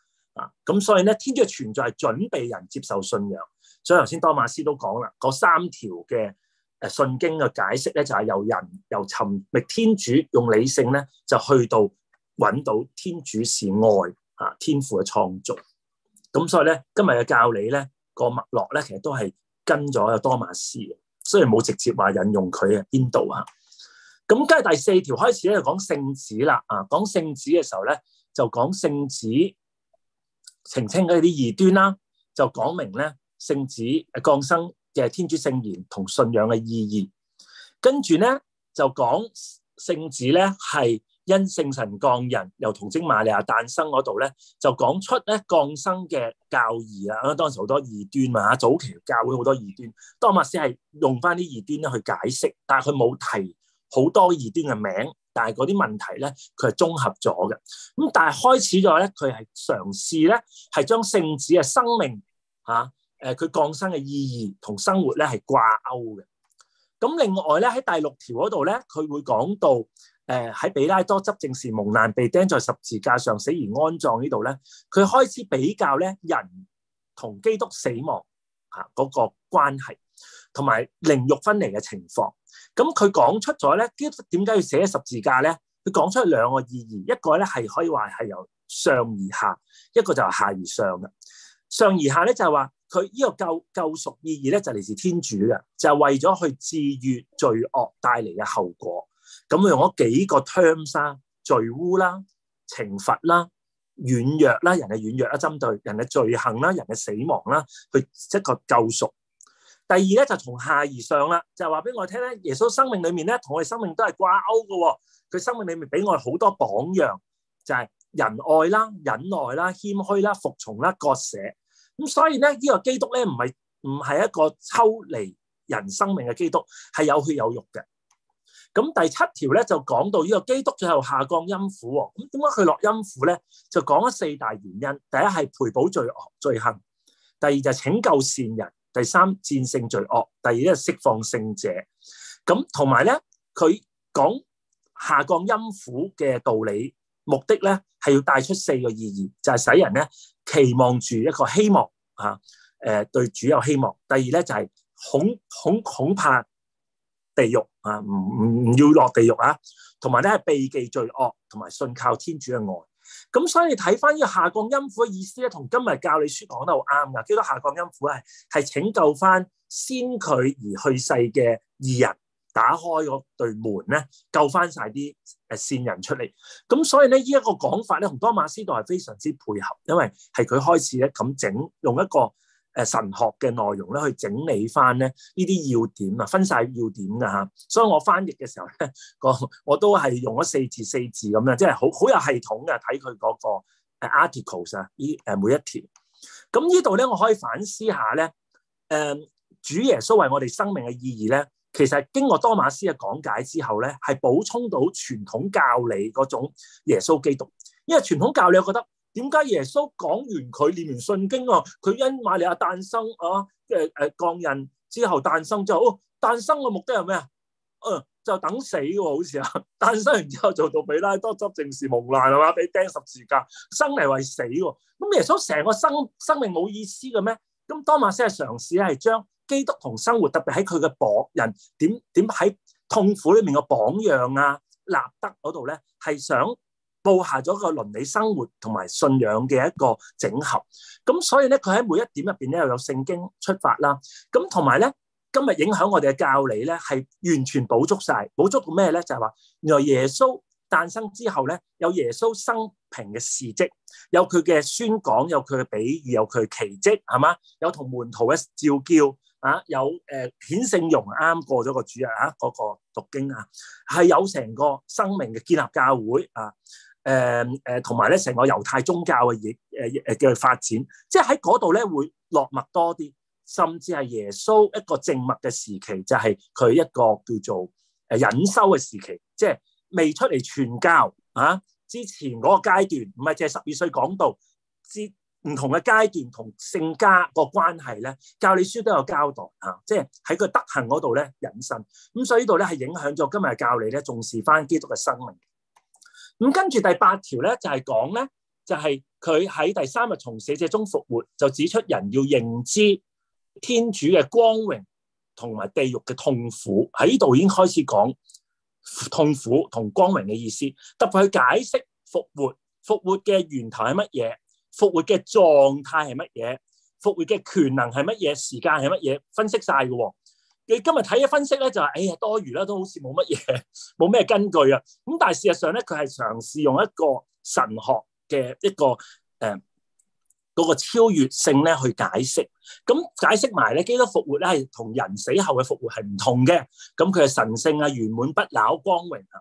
咁所以咧，天主嘅存在係準備人接受信仰，所以頭先多馬斯都講啦，嗰三條嘅誒信經嘅解釋咧，就係、是、由人又尋覓天主，用理性咧就去到揾到天主示愛啊，天父嘅創造。咁所以咧，今日嘅教理咧個脈絡咧，其實都係跟咗有多馬斯嘅，雖然冇直接話引用佢嘅邊度啊。咁跟住第四條開始咧就講聖子啦，啊講聖子嘅時候咧就講聖子。澄清嗰啲異端啦，就講明咧聖子降生嘅天主聖言同信仰嘅意義，跟住咧就講聖子咧係因聖神降人，由童貞瑪利亞誕生嗰度咧就講出咧降生嘅教義啊！當時好多異端嘛，早期教會好多異端，多瑪斯係用返啲異端去解釋，但係佢冇提好多異端嘅名。但係嗰啲問題咧，佢係綜合咗嘅。咁但係開始咗咧，佢係嘗試咧，係將聖子嘅生命嚇誒佢降生嘅意義同生活咧係掛鈎嘅。咁另外咧喺第六條嗰度咧，佢會講到誒喺、呃、比拉多執政時，蒙難被釘在十字架上死而安葬呢度咧，佢開始比較咧人同基督死亡嚇嗰個關係，同埋靈肉分離嘅情況。咁佢講出咗咧，點解要寫十字架咧？佢講出兩個意義，一個咧係可以話係由上而下，一個就係下而上嘅。上而下咧就係話佢呢個救救贖意義咧就嚟自天主嘅，就係、是、為咗去治愈罪惡帶嚟嘅後果。咁用咗幾個 t e r m 罪污啦、懲罰啦、軟弱啦，人嘅軟弱啦，針對人嘅罪行啦、人嘅死亡啦，去一個救贖。第二咧就從下而上啦，就係話俾我聽咧，耶穌生命裏面咧同我哋生命都係掛鈎嘅。佢生命裏面俾我哋好多榜樣，就係、是、仁愛啦、忍耐啦、謙虛啦、服從啦、割捨。咁所以咧呢、這個基督咧唔係唔係一個抽離人生命嘅基督，係有血有肉嘅。咁第七條咧就講到呢個基督最後下降陰府。咁點解佢落陰府咧？就講咗四大原因。第一係賠補罪罪行，第二就係拯救善人。第三戰勝罪惡，第二咧釋放聖者，咁同埋咧佢講下降陰府嘅道理，目的咧係要帶出四個意義，就係、是、使人咧期望住一個希望吓，誒、啊呃、對主有希望。第二咧就係、是、恐恐恐怕地獄啊，唔唔唔要落地獄啊，同埋咧避忌罪惡，同埋信靠天主嘅愛。咁所以你睇翻呢個下降音符嘅意思咧，同今日教理書講得好啱噶，叫做下降音符係係拯救翻先佢而去世嘅義人，打開嗰對門咧，救翻晒啲誒善人出嚟。咁所以咧，呢一個講法咧，同多瑪斯道係非常之配合，因為係佢開始咧咁整用一個。誒神學嘅內容咧，去整理翻咧呢啲要點啊，分晒要點噶嚇，所以我翻譯嘅時候咧，個我都係用咗四字四字咁樣，即係好好有系統嘅睇佢嗰個 articles 啊，依誒每一條。咁呢度咧，我可以反思一下咧，誒主耶穌為我哋生命嘅意義咧，其實經過多瑪斯嘅講解之後咧，係補充到傳統教理嗰種耶穌基督，因為傳統教理我覺得。點解耶穌講完佢念完信經哦，佢因瑪利亞誕生啊，誒誒降孕之後誕生之後，哦、誕生嘅目的係咩啊？嗯、呃，就等死嘅好似啊，誕生完之後做到比拉多執政時蒙難係嘛，俾釘十字架，生嚟為死嘅。咁耶穌成個生生命冇意思嘅咩？咁多瑪斯係嘗試係將基督同生活，特別喺佢嘅博人點點喺痛苦裏面嘅榜樣啊，立德嗰度咧係想。布下咗個倫理生活同埋信仰嘅一個整合，咁所以咧，佢喺每一點入邊咧又有聖經出發啦。咁同埋咧，今日影響我哋嘅教理咧，係完全補足晒。補足到咩咧？就係話，原來耶穌誕生之後咧，有耶穌生平嘅事蹟，有佢嘅宣講，有佢嘅比喻，有佢嘅奇蹟，係嘛？有同門徒嘅召叫啊，有誒顯聖容，啱過咗個主日啊，嗰個讀經啊，係有成個生命嘅建立教會啊。誒誒，同埋咧，成個猶太宗教嘅嘢，誒誒嘅發展，即係喺嗰度咧會落墨多啲，甚至係耶穌一個靜默嘅時期，就係、是、佢一個叫做誒隱修嘅時期，即、就、係、是、未出嚟傳教啊之前嗰個階段，唔係淨係十二歲講道，之唔同嘅階段同聖家個關係咧，教理書都有交代啊，即係喺佢德行嗰度咧隱身。咁所以呢度咧係影響咗今日教理咧重視翻基督嘅生命。咁跟住第八條咧，就係講咧，就係佢喺第三日從死者中復活，就指出人要認知天主嘅光榮同埋地獄嘅痛苦。喺呢度已經開始講痛苦同光榮嘅意思，特別去解釋復活、復活嘅源頭係乜嘢、復活嘅狀態係乜嘢、復活嘅權能係乜嘢、時間係乜嘢，分析晒嘅、哦。你今日睇嘅分析咧就係，哎呀多餘啦，都好似冇乜嘢，冇咩根據啊。咁但係事實上咧，佢係嘗試用一個神學嘅一個誒嗰個超越性咧去解釋。咁解釋埋咧，基督復活咧係同人死後嘅復活係唔同嘅。咁佢係神性啊，圓滿不朽光榮啊。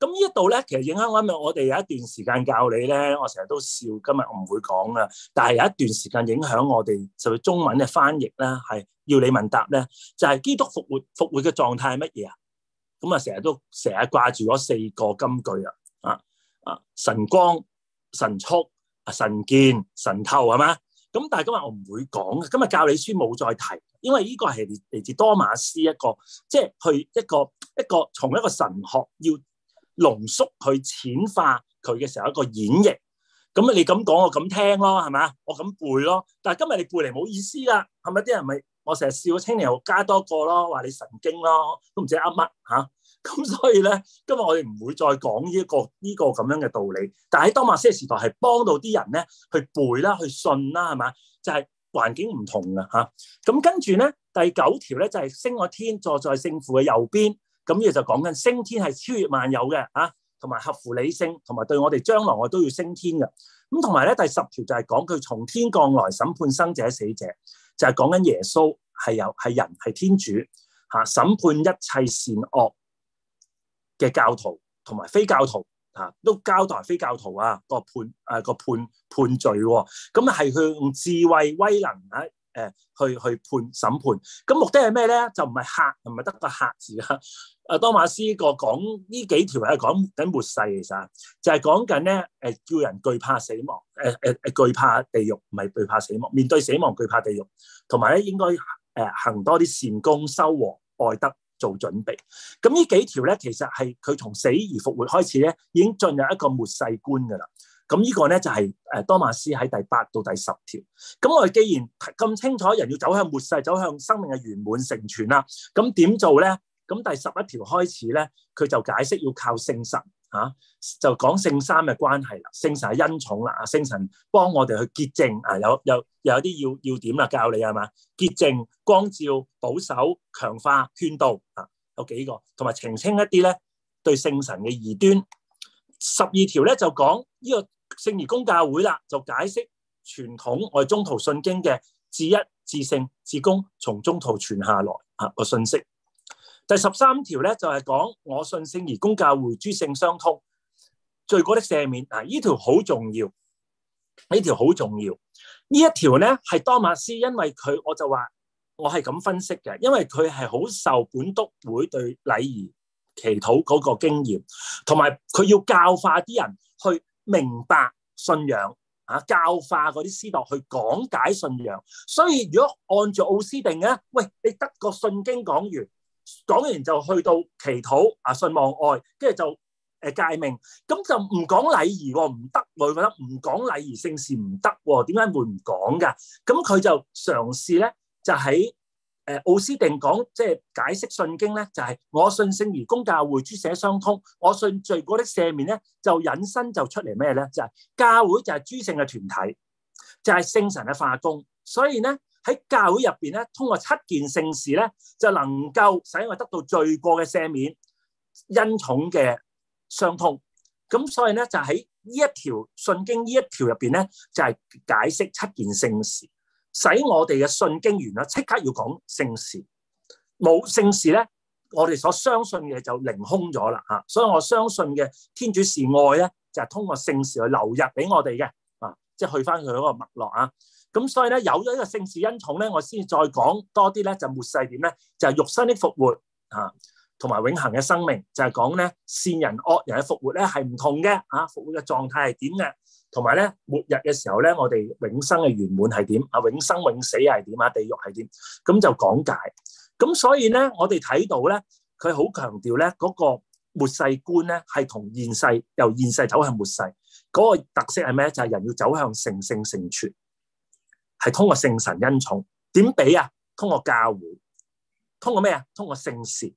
咁呢一度咧，其實影響我我哋有一段時間教你咧，我成日都笑，今日我唔會講啊。但係有一段時間影響我哋，就會中文嘅翻譯呢，係要理問答咧，就係、是、基督復活復活嘅狀態係乜嘢啊？咁啊，成日都成日掛住嗰四個金句啊，啊啊神光、神速、神見、神透係嘛？咁但係今日我唔會講，今日教理書冇再提，因為呢個係嚟自多瑪斯一個，即、就、係、是、去一個一個,一個從一個神學要。濃縮去淺化佢嘅時候一個演繹，咁啊你咁講我咁聽咯，係咪啊？我咁背咯，但係今日你背嚟冇意思啦，係咪啲人咪，我成日笑青年又加多個咯，話你神經咯，都唔知噏乜嚇，咁、啊、所以咧今日我哋唔會再講依、個依、個咁樣嘅道理，但係喺多瑪斯嘅時代係幫到啲人咧去背啦，去信啦，係咪、就是、啊？就係環境唔同啊嚇，咁跟住咧第九條咧就係、是、升個天坐在聖父嘅右邊。咁呢就講緊升天係超越萬有嘅啊，同埋合乎理性，同埋對我哋將來我都要升天嘅。咁同埋咧第十條就係講佢從天降來審判生者死者，就係講緊耶穌係有係人係天主嚇審判一切善惡嘅教徒同埋非教徒嚇都交代非教徒啊、個判啊、個判判罪喎、啊，咁係用智慧威能喺。誒，去去判審判，咁目的係咩咧？就唔係吓，唔係得個吓字啦。阿多馬斯個講呢幾條係講緊末世，其實就係講緊咧，誒叫人懼怕死亡，誒誒誒懼怕地獄，唔係懼怕死亡，面對死亡懼怕地獄，同埋咧應該誒行多啲善功，修和愛德做準備。咁呢幾條咧，其實係佢從死而復活開始咧，已經進入一個末世觀噶啦。咁呢個咧就係、是、誒多馬斯喺第八到第十條。咁我哋既然咁清楚人要走向末世，走向生命嘅圓滿成全啦，咁點做咧？咁第十一條開始咧，佢就解釋要靠聖神嚇、啊，就講聖三嘅關係啦。聖神係恩寵啦、啊，聖神幫我哋去潔淨啊，有有有啲要要點啦，教你係嘛？潔淨、光照、保守、強化、勸導啊，有幾個，同埋澄清一啲咧對聖神嘅異端。十二條咧就講呢、這個。聖而公教會啦，就解釋傳統我哋宗徒信經嘅至一、至聖、至公，從宗徒傳下來嗰個信息。第十三條咧就係講我信聖而公教會諸聖相通，罪過的赦免啊！呢條好重要，呢條好重要。呢一條咧係多馬斯，因為佢我就話我係咁分析嘅，因為佢係好受本篤會對禮儀祈禱嗰個經驗，同埋佢要教化啲人去。明白信仰啊，教化嗰啲思代去講解信仰，所以如果按照奧斯定咧，喂，你得個信經講完，講完就去到祈禱啊，信望愛，跟住就誒誡命，咁就唔講禮儀喎，唔得，我覺得唔講禮儀聖事唔得喎，點解會唔講㗎？咁佢就嘗試咧，就喺。誒奧斯定講即係解釋信經咧，就係我信聖而公教會，諸聖相通。我信罪過的赦免咧，就引申就出嚟咩咧？就係教會就係諸聖嘅團體，就係聖神嘅化工。所以咧，喺教會入邊咧，通過七件聖事咧，就能夠使我得到罪過嘅赦免，恩寵嘅相通。咁所以咧就喺呢一條信經呢一條入邊咧，就係解釋七件聖事。使我哋嘅信經完啦，即刻要講聖事，冇聖事咧，我哋所相信嘅就凌空咗啦吓。所以我相信嘅天主示愛咧，就係通過聖事去流入俾我哋嘅啊，即係去翻佢嗰個脈絡啊。咁所以咧，有咗呢個聖事恩寵咧，我先再講多啲咧就末世點咧，就係肉身的復活啊，同埋永恆嘅生命，就係講咧善人惡人嘅復活咧係唔同嘅啊，復活嘅狀態係點嘅。同埋咧，末日嘅時候咧，我哋永生嘅圓滿係點？啊，永生永死係點啊？地獄係點？咁就講解。咁所以咧，我哋睇到咧，佢好強調咧，嗰個末世觀咧，係同現世由現世走向末世。嗰個特色係咩？就係人要走向成聖成全，係通過聖神恩寵。點俾啊？通過教會，通過咩啊？通過聖事，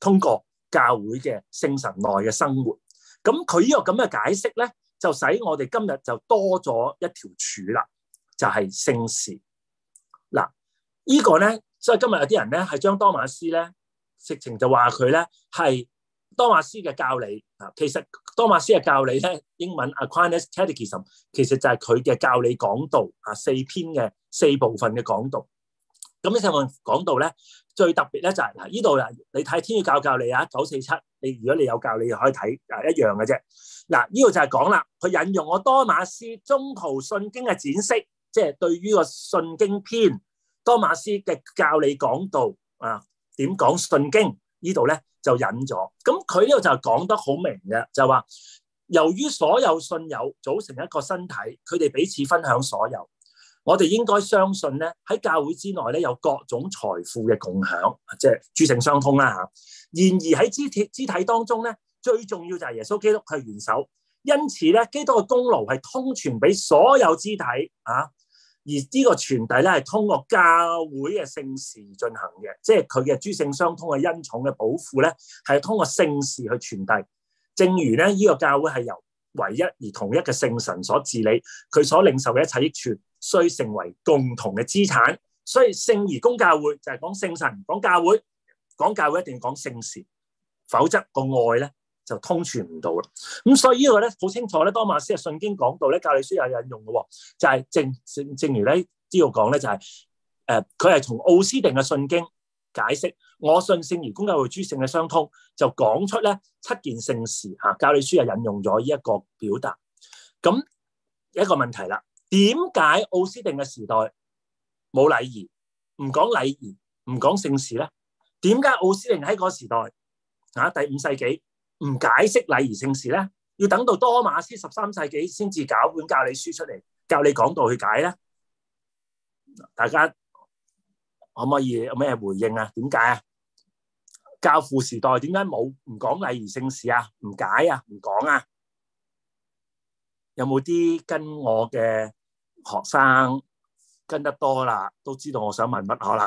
通過教會嘅聖神內嘅生活。咁佢呢個咁嘅解釋咧。就使我哋今日就多咗一條柱啦，就係聖事。嗱，這個、呢個咧，所以今日有啲人咧係將多馬斯咧，直情就話佢咧係多馬斯嘅教理啊，其實多馬斯嘅教理咧，英文 Aquinas Theology 其實就係佢嘅教理講道啊，四篇嘅四部分嘅講道，咁呢四份講道咧。最特別咧就係、是、嗱，呢度啦，你睇天主教教理啊，九四七，你如果你有教理，你就可以睇啊一樣嘅啫。嗱，呢度就係講啦，佢引用我多瑪斯宗徒信經嘅展釋，即、就、係、是、對於個信經篇多瑪斯嘅教理講道啊，點講信經呢度咧就引咗。咁佢呢度就係講得好明嘅，就話由於所有信友組成一個身體，佢哋彼此分享所有。我哋應該相信咧，喺教會之內咧有各種財富嘅共享，即係諸聖相通啦嚇。然而喺肢體肢體當中咧，最重要就係耶穌基督佢元首，因此咧基督嘅功勞係通傳俾所有肢體啊。而呢個傳遞咧係通過教會嘅聖事進行嘅，即係佢嘅諸聖相通嘅恩寵嘅保護咧係通過聖事去傳遞。正如咧呢個教會係由唯一而同一嘅聖神所治理，佢所領受嘅一切益處。需成為共同嘅資產，所以聖而公教會就係講聖神、講教會、講教會一定要講聖事，否則個愛咧就通傳唔到啦。咁所以呢個咧好清楚咧，多馬斯嘅信經講到咧，教理書又引用嘅，就係、是、正正正如咧呢度講咧，就係誒佢係從奧斯定嘅信經解釋我信聖而公教會諸聖嘅相通，就講出咧七件聖事吓，教理書又引用咗呢一個表達。咁一個問題啦。點解奧斯定嘅時代冇禮儀，唔講禮儀，唔講聖事咧？點解奧斯定喺個時代啊？第五世紀唔解釋禮儀聖事咧？要等到多馬斯十三世紀先至搞本教理書出嚟，教你講道去解咧？大家可唔可以有咩回應啊？點解啊？教父時代點解冇唔講禮儀聖事啊？唔解啊？唔講啊？有冇啲跟我嘅？學生跟得多啦，都知道我想問乜可啦。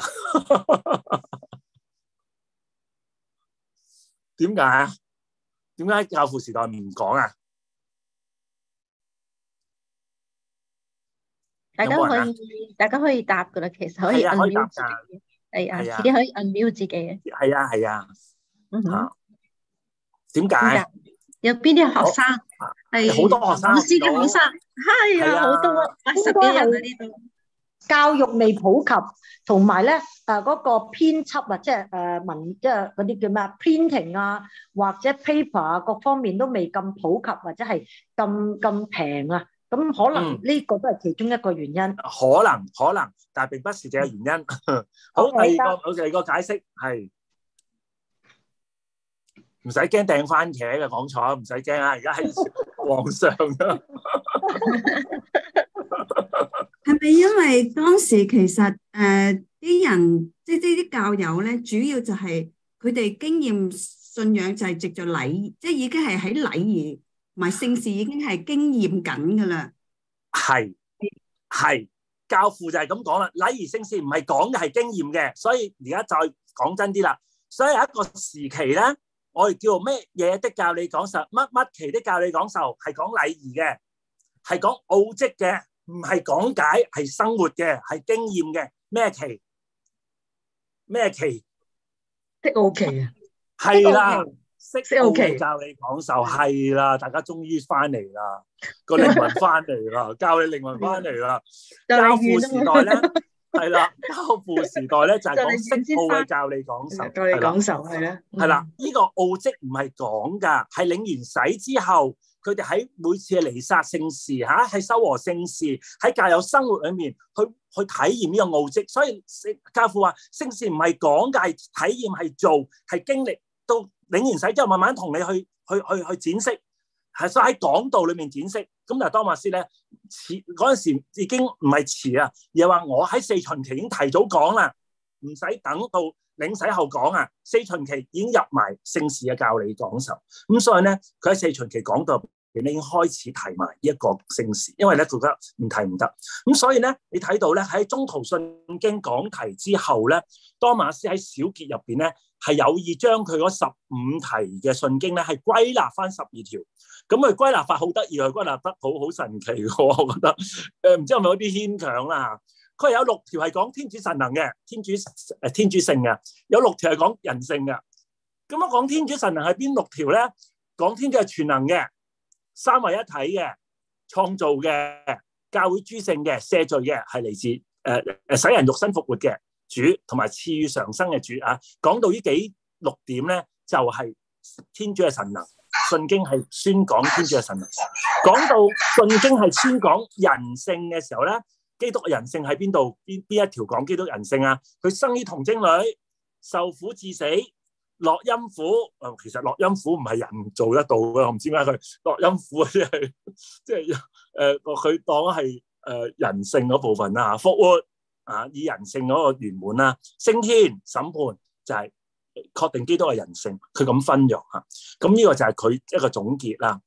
點解？點解喺教父時代唔講啊？大家可以大家可以答㗎喇，其實可以 unmute。係啊，自己可以 unmute 自己。係啊係啊。嗯哼。點解？有邊啲學生？係好多學生，老師嘅學生係啊，好多，好多人啊呢度。教育未普及，同埋咧，誒嗰個編輯啊，即係誒文，即係嗰啲叫咩啊，編庭啊，或者 paper 啊，各方面都未咁普及，或者係咁咁平啊，咁可能呢個都係其中一個原因。可能可能，但係並不是只嘅原因。好，第二個，我第二個解釋係。唔使驚掟番茄嘅講錯，唔使驚啊！而家係皇上啊，係咪因為當時其實誒啲、呃、人即係啲啲教友咧，主要就係佢哋經驗信仰就係藉著禮，即係已經係喺禮儀同埋聖事已經係經驗緊噶啦。係係教父就係咁講啦，禮儀聖事唔係講嘅係經驗嘅，所以而家再講真啲啦，所以有一個時期咧。我哋叫做咩嘢的教理講授，乜乜其的教理講授，係講禮儀嘅，係講奧跡嘅，唔係講解，係生活嘅，係經驗嘅，咩其咩其，識奧跡啊，係啦，識識奧跡，教理講授，係啦，大家終於翻嚟啦，個靈魂翻嚟啦，教理靈魂翻嚟啦，教父時代咧。係 啦， 教父時代咧就係講聖父教理講授，教理講授，係啦，係啦。依、嗯這個奧跡唔係講㗎，係領完洗之後，佢哋喺每次嘅彌撒聖事嚇，係修和聖事，喺教友生活裏面去去體驗呢個奧跡。所以教父話聖事唔係講㗎，係體驗，係做，係經歷。到領完洗之後，慢慢同你去去去去展示，係所以喺講道裏面展示。咁但係多馬斯咧，遲嗰陣時已經唔係遲啊，又係話我喺四旬期已經提早講啦，唔使等到領洗後講啊。四旬期已經入埋聖事嘅教理講授，咁所以咧，佢喺四旬期講到入面，佢已經開始提埋一個聖事，因為咧佢覺得唔提唔得。咁所以咧，你睇到咧，喺中途信經講題之後咧，多馬斯喺小結入邊咧，係有意將佢嗰十五題嘅信經咧，係歸納翻十二條。咁佢歸納法好得意，佢歸納得好好神奇喎，我覺得。誒唔知係咪有啲牽強啦嚇。佢有六條係講天主神能嘅，天主誒天主性嘅，有六條係講人性嘅。咁啊講天主神能係邊六條咧？講天主係全能嘅，三位一體嘅，創造嘅，教會諸聖嘅，赦罪嘅，係嚟自誒誒使人肉身復活嘅。主同埋賜予長生嘅主啊，講到呢幾六點咧，就係天主嘅神能，信經係宣講天主嘅神能。講到信經係宣講人性嘅時候咧，基督人性喺邊度？邊邊一條講基督人性啊？佢生於童貞女，受苦至死，落陰苦。其實落陰苦唔係人做得到嘅，我唔知點解佢落陰苦，即係即係誒，佢當係誒人性嗰部分啦。復活。啊！以人性嗰個圓滿啦，升天審判就係確定基督嘅人性，佢咁分肉嚇。咁呢個就係佢一個總結啦。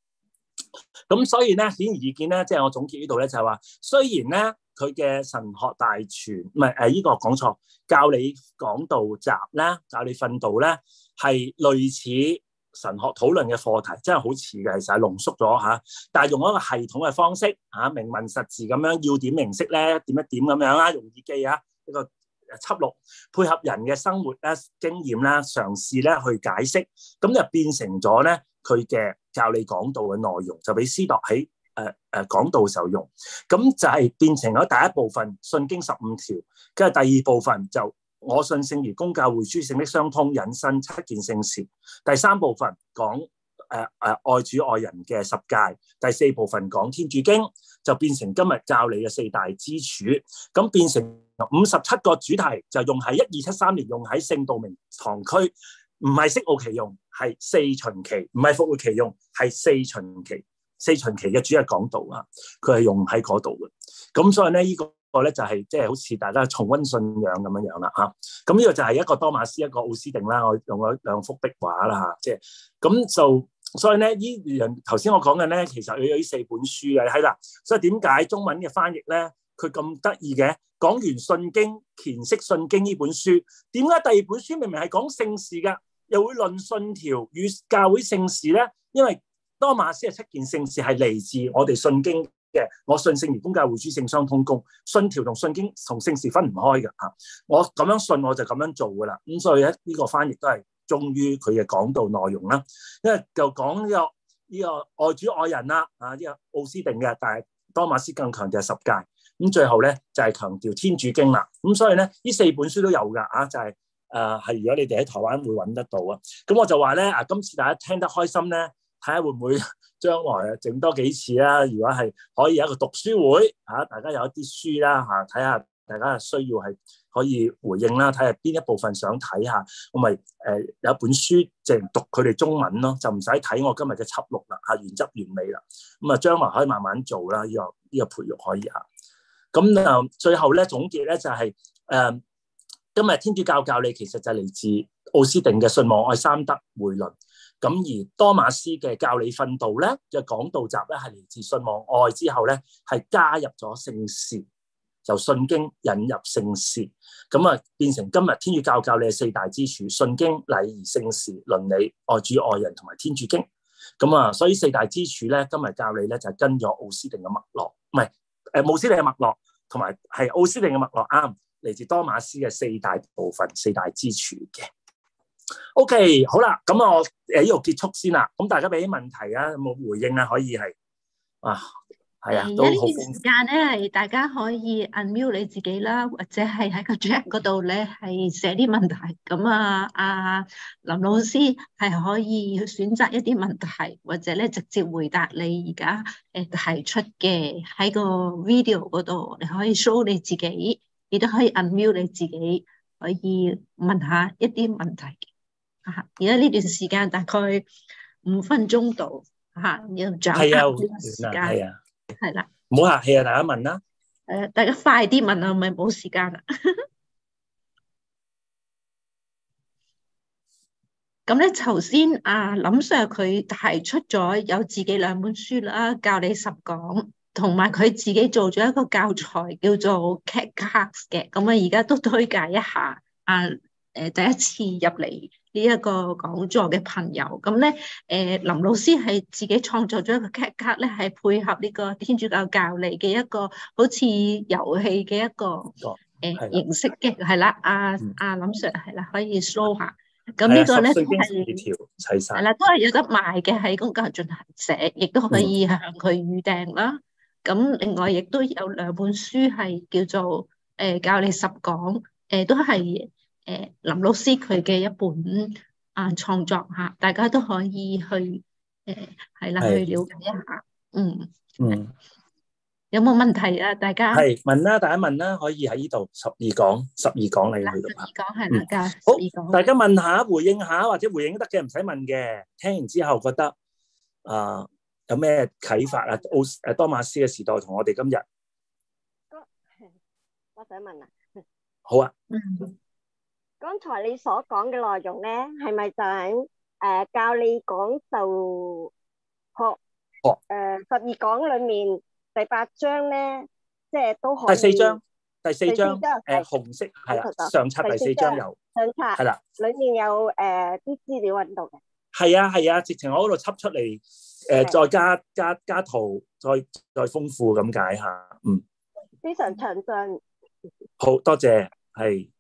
咁所以咧，顯而易見咧，即係我總結呢度咧，就係話，雖然咧佢嘅神學大全唔係誒呢個講錯，教理講道集啦，教理訓導咧，係類似。神學討論嘅課題真係好似嘅，其實係濃縮咗吓，但係用一個系統嘅方式吓，明文實字咁樣要點形式咧，點一點咁樣啦，容易記啊，呢個輯錄配合人嘅生活咧經驗啦，嘗試咧去解釋，咁就變成咗咧佢嘅教理講道嘅內容，就俾司鐸喺、誒誒講道時候用，咁就係變成咗第一部分信經十五條，跟住第二部分就。我信聖而公教會諸聖的相通引申七件聖事。第三部分講誒、呃呃、愛主愛人嘅十戒。第四部分講天主經，就變成今日教理嘅四大支柱。咁變成五十七個主題，就用喺一二七三年用喺聖道明堂區，唔係適澳其用，係四旬期，唔係復活期用，係四旬期。四旬期嘅主日講道啊，佢係用喺嗰度嘅。咁所以咧，呢、這個。個咧就係、是就是、即係好似大家重溫信仰咁樣樣啦吓，咁、啊、呢個就係一個多馬斯一個奧斯定啦、啊，我用咗兩幅壁畫啦吓，即係咁就，是、就所以咧呢人頭先我講嘅咧，其實有呢四本書嘅係啦，所以點解中文嘅翻譯咧佢咁得意嘅？講完《信經》《詮釋信經》呢本書，點解第二本書明明係講聖事噶，又會論信條與教會聖事咧？因為多馬斯嘅七件聖事係嚟自我哋信經。嘅，我信聖而公教會諸聖相通功，信條同信經同聖事分唔開噶吓，我咁樣信我就咁樣做噶啦，咁所以咧呢個翻譯都係忠於佢嘅講道內容啦，因為就講呢、這個呢、這個愛主愛人啦，啊呢、這個奧斯定嘅，但係多馬斯更強嘅十戒。咁最後咧就係強調天主經啦，咁所以咧呢四本書都有噶就係誒係如果你哋喺台灣會揾得到啊，咁我就話咧啊，今次大家聽得開心咧。睇下會唔會將來啊整多幾次啦？如果係可以有一個讀書會啊，大家有一啲書啦吓，睇下大家需要係可以回應啦，睇下邊一部分想睇下。我咪誒有一本書淨讀佢哋中文咯，就唔使睇我今日嘅輯錄啦吓，原汁原味啦。咁啊將來可以慢慢做啦，呢個呢個培育可以吓。咁啊最後咧總結咧就係、是、誒今日天，天主教教理，其實就嚟自奧斯定嘅信望愛三德回論。咁而多馬斯嘅教理訓導咧就講道集咧係嚟自信望愛之後咧係加入咗聖事，由信經引入聖事，咁啊變成今日天、天主教教理嘅四大支柱：信經、禮儀、聖事、倫理、愛主愛人同埋天主經。咁啊，所以四大支柱咧今日教理咧就係跟咗奧斯定嘅脈絡。唔係誒，奧斯定嘅脈絡，同埋係奧斯定嘅脈絡，啱嚟自多馬斯嘅四大部分、四大支柱嘅。OK，好啦，咁我誒呢度結束先啦。咁大家俾啲問題啊，有冇回應啊？可以係啊，係啊，都好。而家呢段時間咧，係大家可以 unmute 你自己啦，或者係喺個 chat 嗰度咧係寫啲問題。咁啊，阿林老師係可以選擇一啲問題，或者咧直接回答你而家誒提出嘅喺個 video 嗰度，你可以 show 你自己，亦都可以 unmute 你自己，可以問下一啲問題。而家呢段時間大概五分鐘度，吓要掌握呢個時間，係啦，唔好客氣啊，大家問啦。係啊，大家快啲問啊，咪冇時間啦。咁 咧，頭先啊，林 Sir 佢提出咗有自己兩本書啦，《教你十講》，同埋佢自己做咗一個教材，叫做 Cat《Cat Class》嘅，咁啊，而家都推介一下啊。誒第一次入嚟呢一個講座嘅朋友，咁咧誒林老師係自己創作咗一個 CAT card 咧，係配合呢個天主教教理嘅一個好似遊戲嘅一個誒、哦、形式嘅，係啦，阿、啊、阿、嗯啊、林 Sir 係啦，可以 show 下。咁呢個咧係十條，係啦，都係有得賣嘅，喺公教進行社，亦都可以向佢預訂啦。咁、嗯、另外亦都有兩本書係叫做誒教理十講，誒都係。誒，林老師佢嘅一本啊創作吓，大家都可以去誒係啦，去了解一下。嗯嗯，有冇問題啊？大家係問啦，大家問啦，可以喺呢度十二講，十二講嚟，去到啊。十二講係啦，好，大家問下，回應下，或者回應得嘅唔使問嘅。聽完之後覺得啊，有咩啟發啊？奧斯誒，多馬斯嘅時代同我哋今日，我想問啊，好啊，嗯。剛才你所講嘅內容咧，係咪就喺、是、誒、呃、教你講就學學誒十二講裏面第八章咧，即、就、係、是、都係第四章，第四章誒、呃、紅色係啦，上冊第四章有上冊係啦，裏面有誒啲資料喺度嘅。係啊係啊，直情我嗰度輯出嚟，誒、呃、再加加加圖，再再豐富咁解下，嗯，非常詳盡。好多謝，謝，係。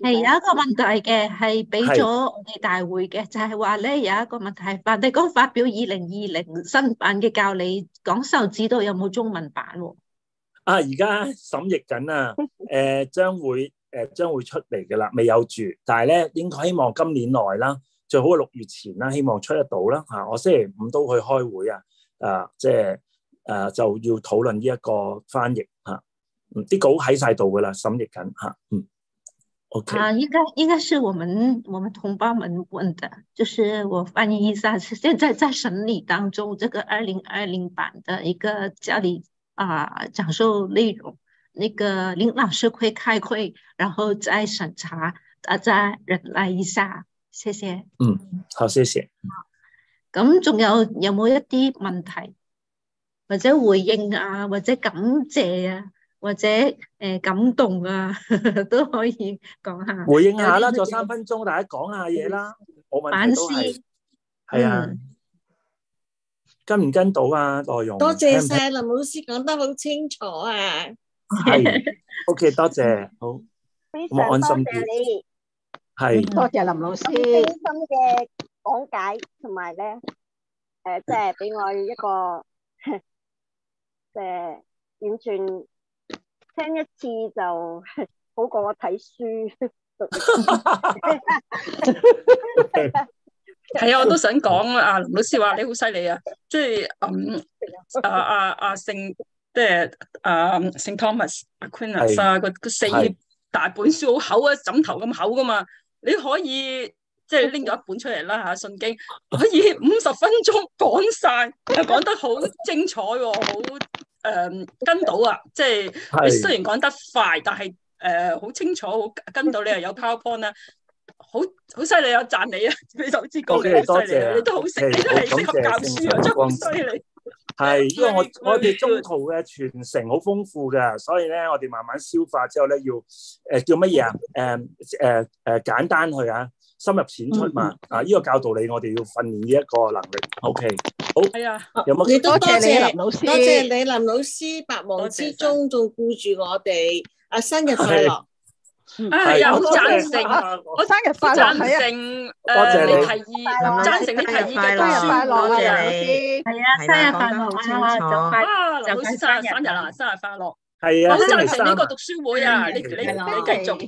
係有一個問題嘅，係俾咗我哋大會嘅，就係話咧，有一個問題，范迪光發表二零二零新版嘅教理講授指導有冇中文版？啊，而家審譯緊啊，誒、 呃，將會誒將、呃、會出嚟噶啦，未有住，但係咧，應該希望今年內啦，最好係六月前啦，希望出得到啦。吓、啊，我星期五都去開會啊，啊，即係誒就要討論呢一個翻譯吓，啲、啊、稿喺晒度噶啦，審譯緊吓，嗯。Okay. 啊，應該應該是我們我們同胞們問的，就是我翻譯一下,是現在在審理當中，這個二零二零版的一個教理啊、呃、講授內容，那個林老師會開會，然後再審查，大家忍耐一下，謝謝。嗯，好，謝謝。咁、嗯、仲、嗯嗯嗯、有有冇一啲問題或者回應啊，或者感謝啊？或者誒感動啊，都可以講下回應下啦，再三分鐘大家講下嘢啦。冇問題，反思係啊，跟唔跟到啊？內容多謝晒林老師講得好清楚啊。係，OK，多謝，好，非常多謝你，係多謝林老師。精心嘅講解同埋咧，誒，即係俾我一個誒演轉。聽一次就好過我睇書。係 啊， 我都想講啊。林老師話你好犀利啊，即係阿阿阿聖，即係阿聖 Thomas Aquinas 啊，佢、啊、個、啊、四大本書好厚啊，枕頭咁厚噶嘛。你可以即係拎咗一本出嚟啦吓，信經可以五十分鐘講晒，又講得好精彩，好。誒、嗯、跟到啊！即係你雖然講得快，但係誒好清楚，好跟到你又有 powerpoint 啊，好好犀利啊！讚你啊！你首次講嘅，多、okay, 謝、啊、你都好成，yes, 你都係、yes, 適合教書啊，真係好犀利！係因為我我哋中途嘅全程好豐富嘅，所以咧我哋慢慢消化之後咧要誒、呃、叫乜嘢啊？誒誒誒簡單去啊，深入淺出嘛、嗯！啊，呢、呢個教導你，我哋要訓練呢一個能力。OK。好係啊，你都多謝林老師，多謝你林老師百忙之中仲顧住我哋啊，生日快樂！係啊，好贊成，我生日快樂，贊成。多謝，贊成你提議嘅讀書會，老師，係啊，生日快樂，阿林老師，啊，林老師生日啦，生日快樂！係啊，好贊成呢個讀書會啊，你你你繼續，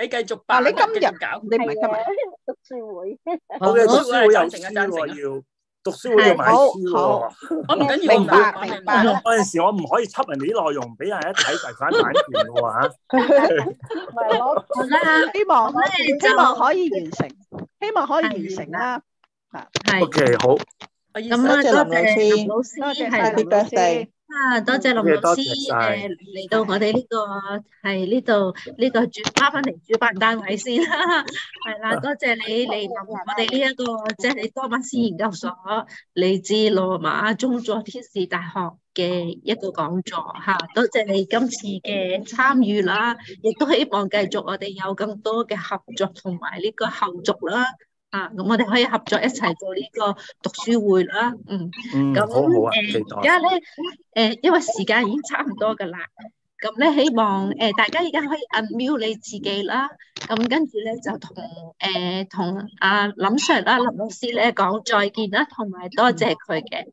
你繼續辦，你今日搞，你唔係今日讀書會，好嘅，讀書會又成一章，要。讀書要買書好，好，我唔緊要 明，明白明白。嗰 陣時我唔可以出人哋啲內容家，俾人一睇就反版權嘅話，唔 係我。好啦，希望我 希望可以完成，希望可以完成啦。係、 啊。OK，好。咁多、啊、謝，謝林老師，多謝阿李教授。謝謝啊！多謝林老師，誒嚟、啊、到我哋呢、這個係呢度呢個主拉翻嚟主辦單位先，係啦，多謝你嚟到我哋呢一個即係、就是、多瑪斯研究所，嚟自羅馬宗座天使大學嘅一個講座吓、啊，多謝你今次嘅參與啦，亦都希望繼續我哋有更多嘅合作同埋呢個後續啦。啊，咁我哋可以合作一齊做呢個讀書會啦，嗯，咁而家咧，誒、呃呃，因為時間已經差唔多噶啦，咁咧希望誒、呃、大家而家可以 unmute 你自己啦，咁跟住咧就同誒同阿林 Sir 啦林老師咧講再見啦，同埋多謝佢嘅。嗯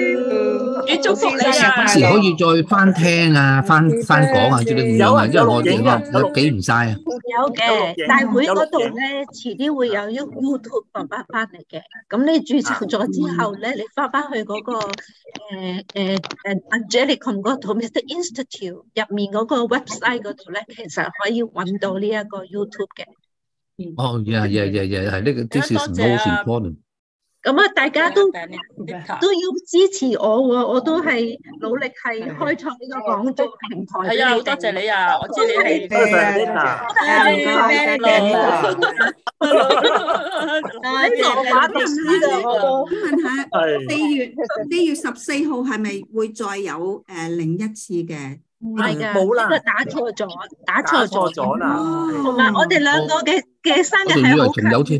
祝祝福你啊！咁時可以再翻聽啊，翻翻講啊，即係唔係？因為我哋個我記唔晒啊。有嘅，大會嗰度咧，遲啲會有 YouTube 發翻嚟嘅。咁你註冊咗之後咧，你翻翻去嗰個誒誒誒 Angelicum 嗰度，Thomistic Institute 入面嗰個 website 嗰度咧，其實可以揾到呢一個 YouTube 嘅。哦，yeah，yeah，yeah，yeah，係呢個。This is most important. 咁啊，大家都都要支持我喎，我都係努力係開創呢個講座平台。係啊，好多謝你啊，我真係多謝你啊，太開心啦！太開心啦！四月四月十四號係咪會再有誒另一次嘅？唔係噶，冇啦，打錯咗，打錯咗啦，嗱我哋兩個嘅嘅生日係好近。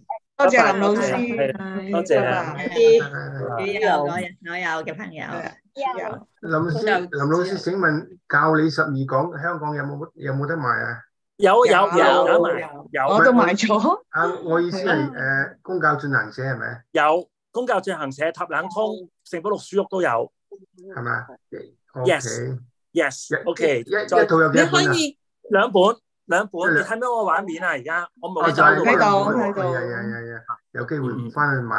多謝林老師，多謝啦！啲好友、好友嘅朋友。林老師，林老師，請問教你十二講，香港有冇有冇得賣啊？有有有有賣，有我都買咗。啊，我意思係誒公教進行社係咪啊？有公教進行社、塔冷通、聖保六書屋都有，係咪？Yes, yes, OK。一一套有幾本啊？兩本。兩本，你睇到我畫面啊？而家我冇喺睇到，睇到，到，有機會唔翻去買。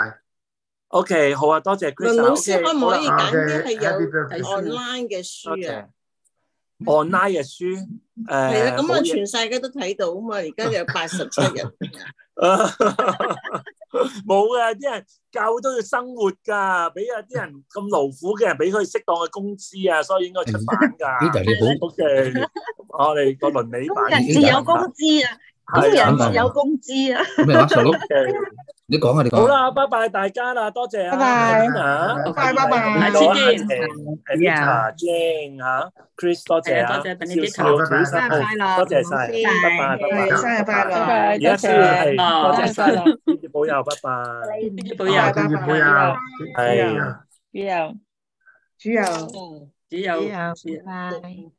OK，好啊，多謝居生。老師可唔、okay, okay, 可以揀啲係有 okay, online 嘅書啊、okay.？online 嘅書，誒、okay. 嗯，咁啊，全世界都睇到啊嘛，而家有八十七人。 冇啊，啲人教都要生活噶，俾啊啲人咁勞苦嘅人俾佢適當嘅工資啊，所以應該出版噶。呢度，你好 OK，我哋個倫理版工人自有工資啊，工人自有工資啊。咩啊？OK。你講啊，你講。好啦，拜拜大家啦，多謝啊，拜拜啊，拜拜，再見。Eva，Jane，嚇，Chris，多謝啊，小喬，生日快樂，多謝曬，唔該，生日快樂，多謝，多謝，多謝，保佑，拜拜，保佑，保佑，係啊，主佑，主佑，主佑，主佑，拜。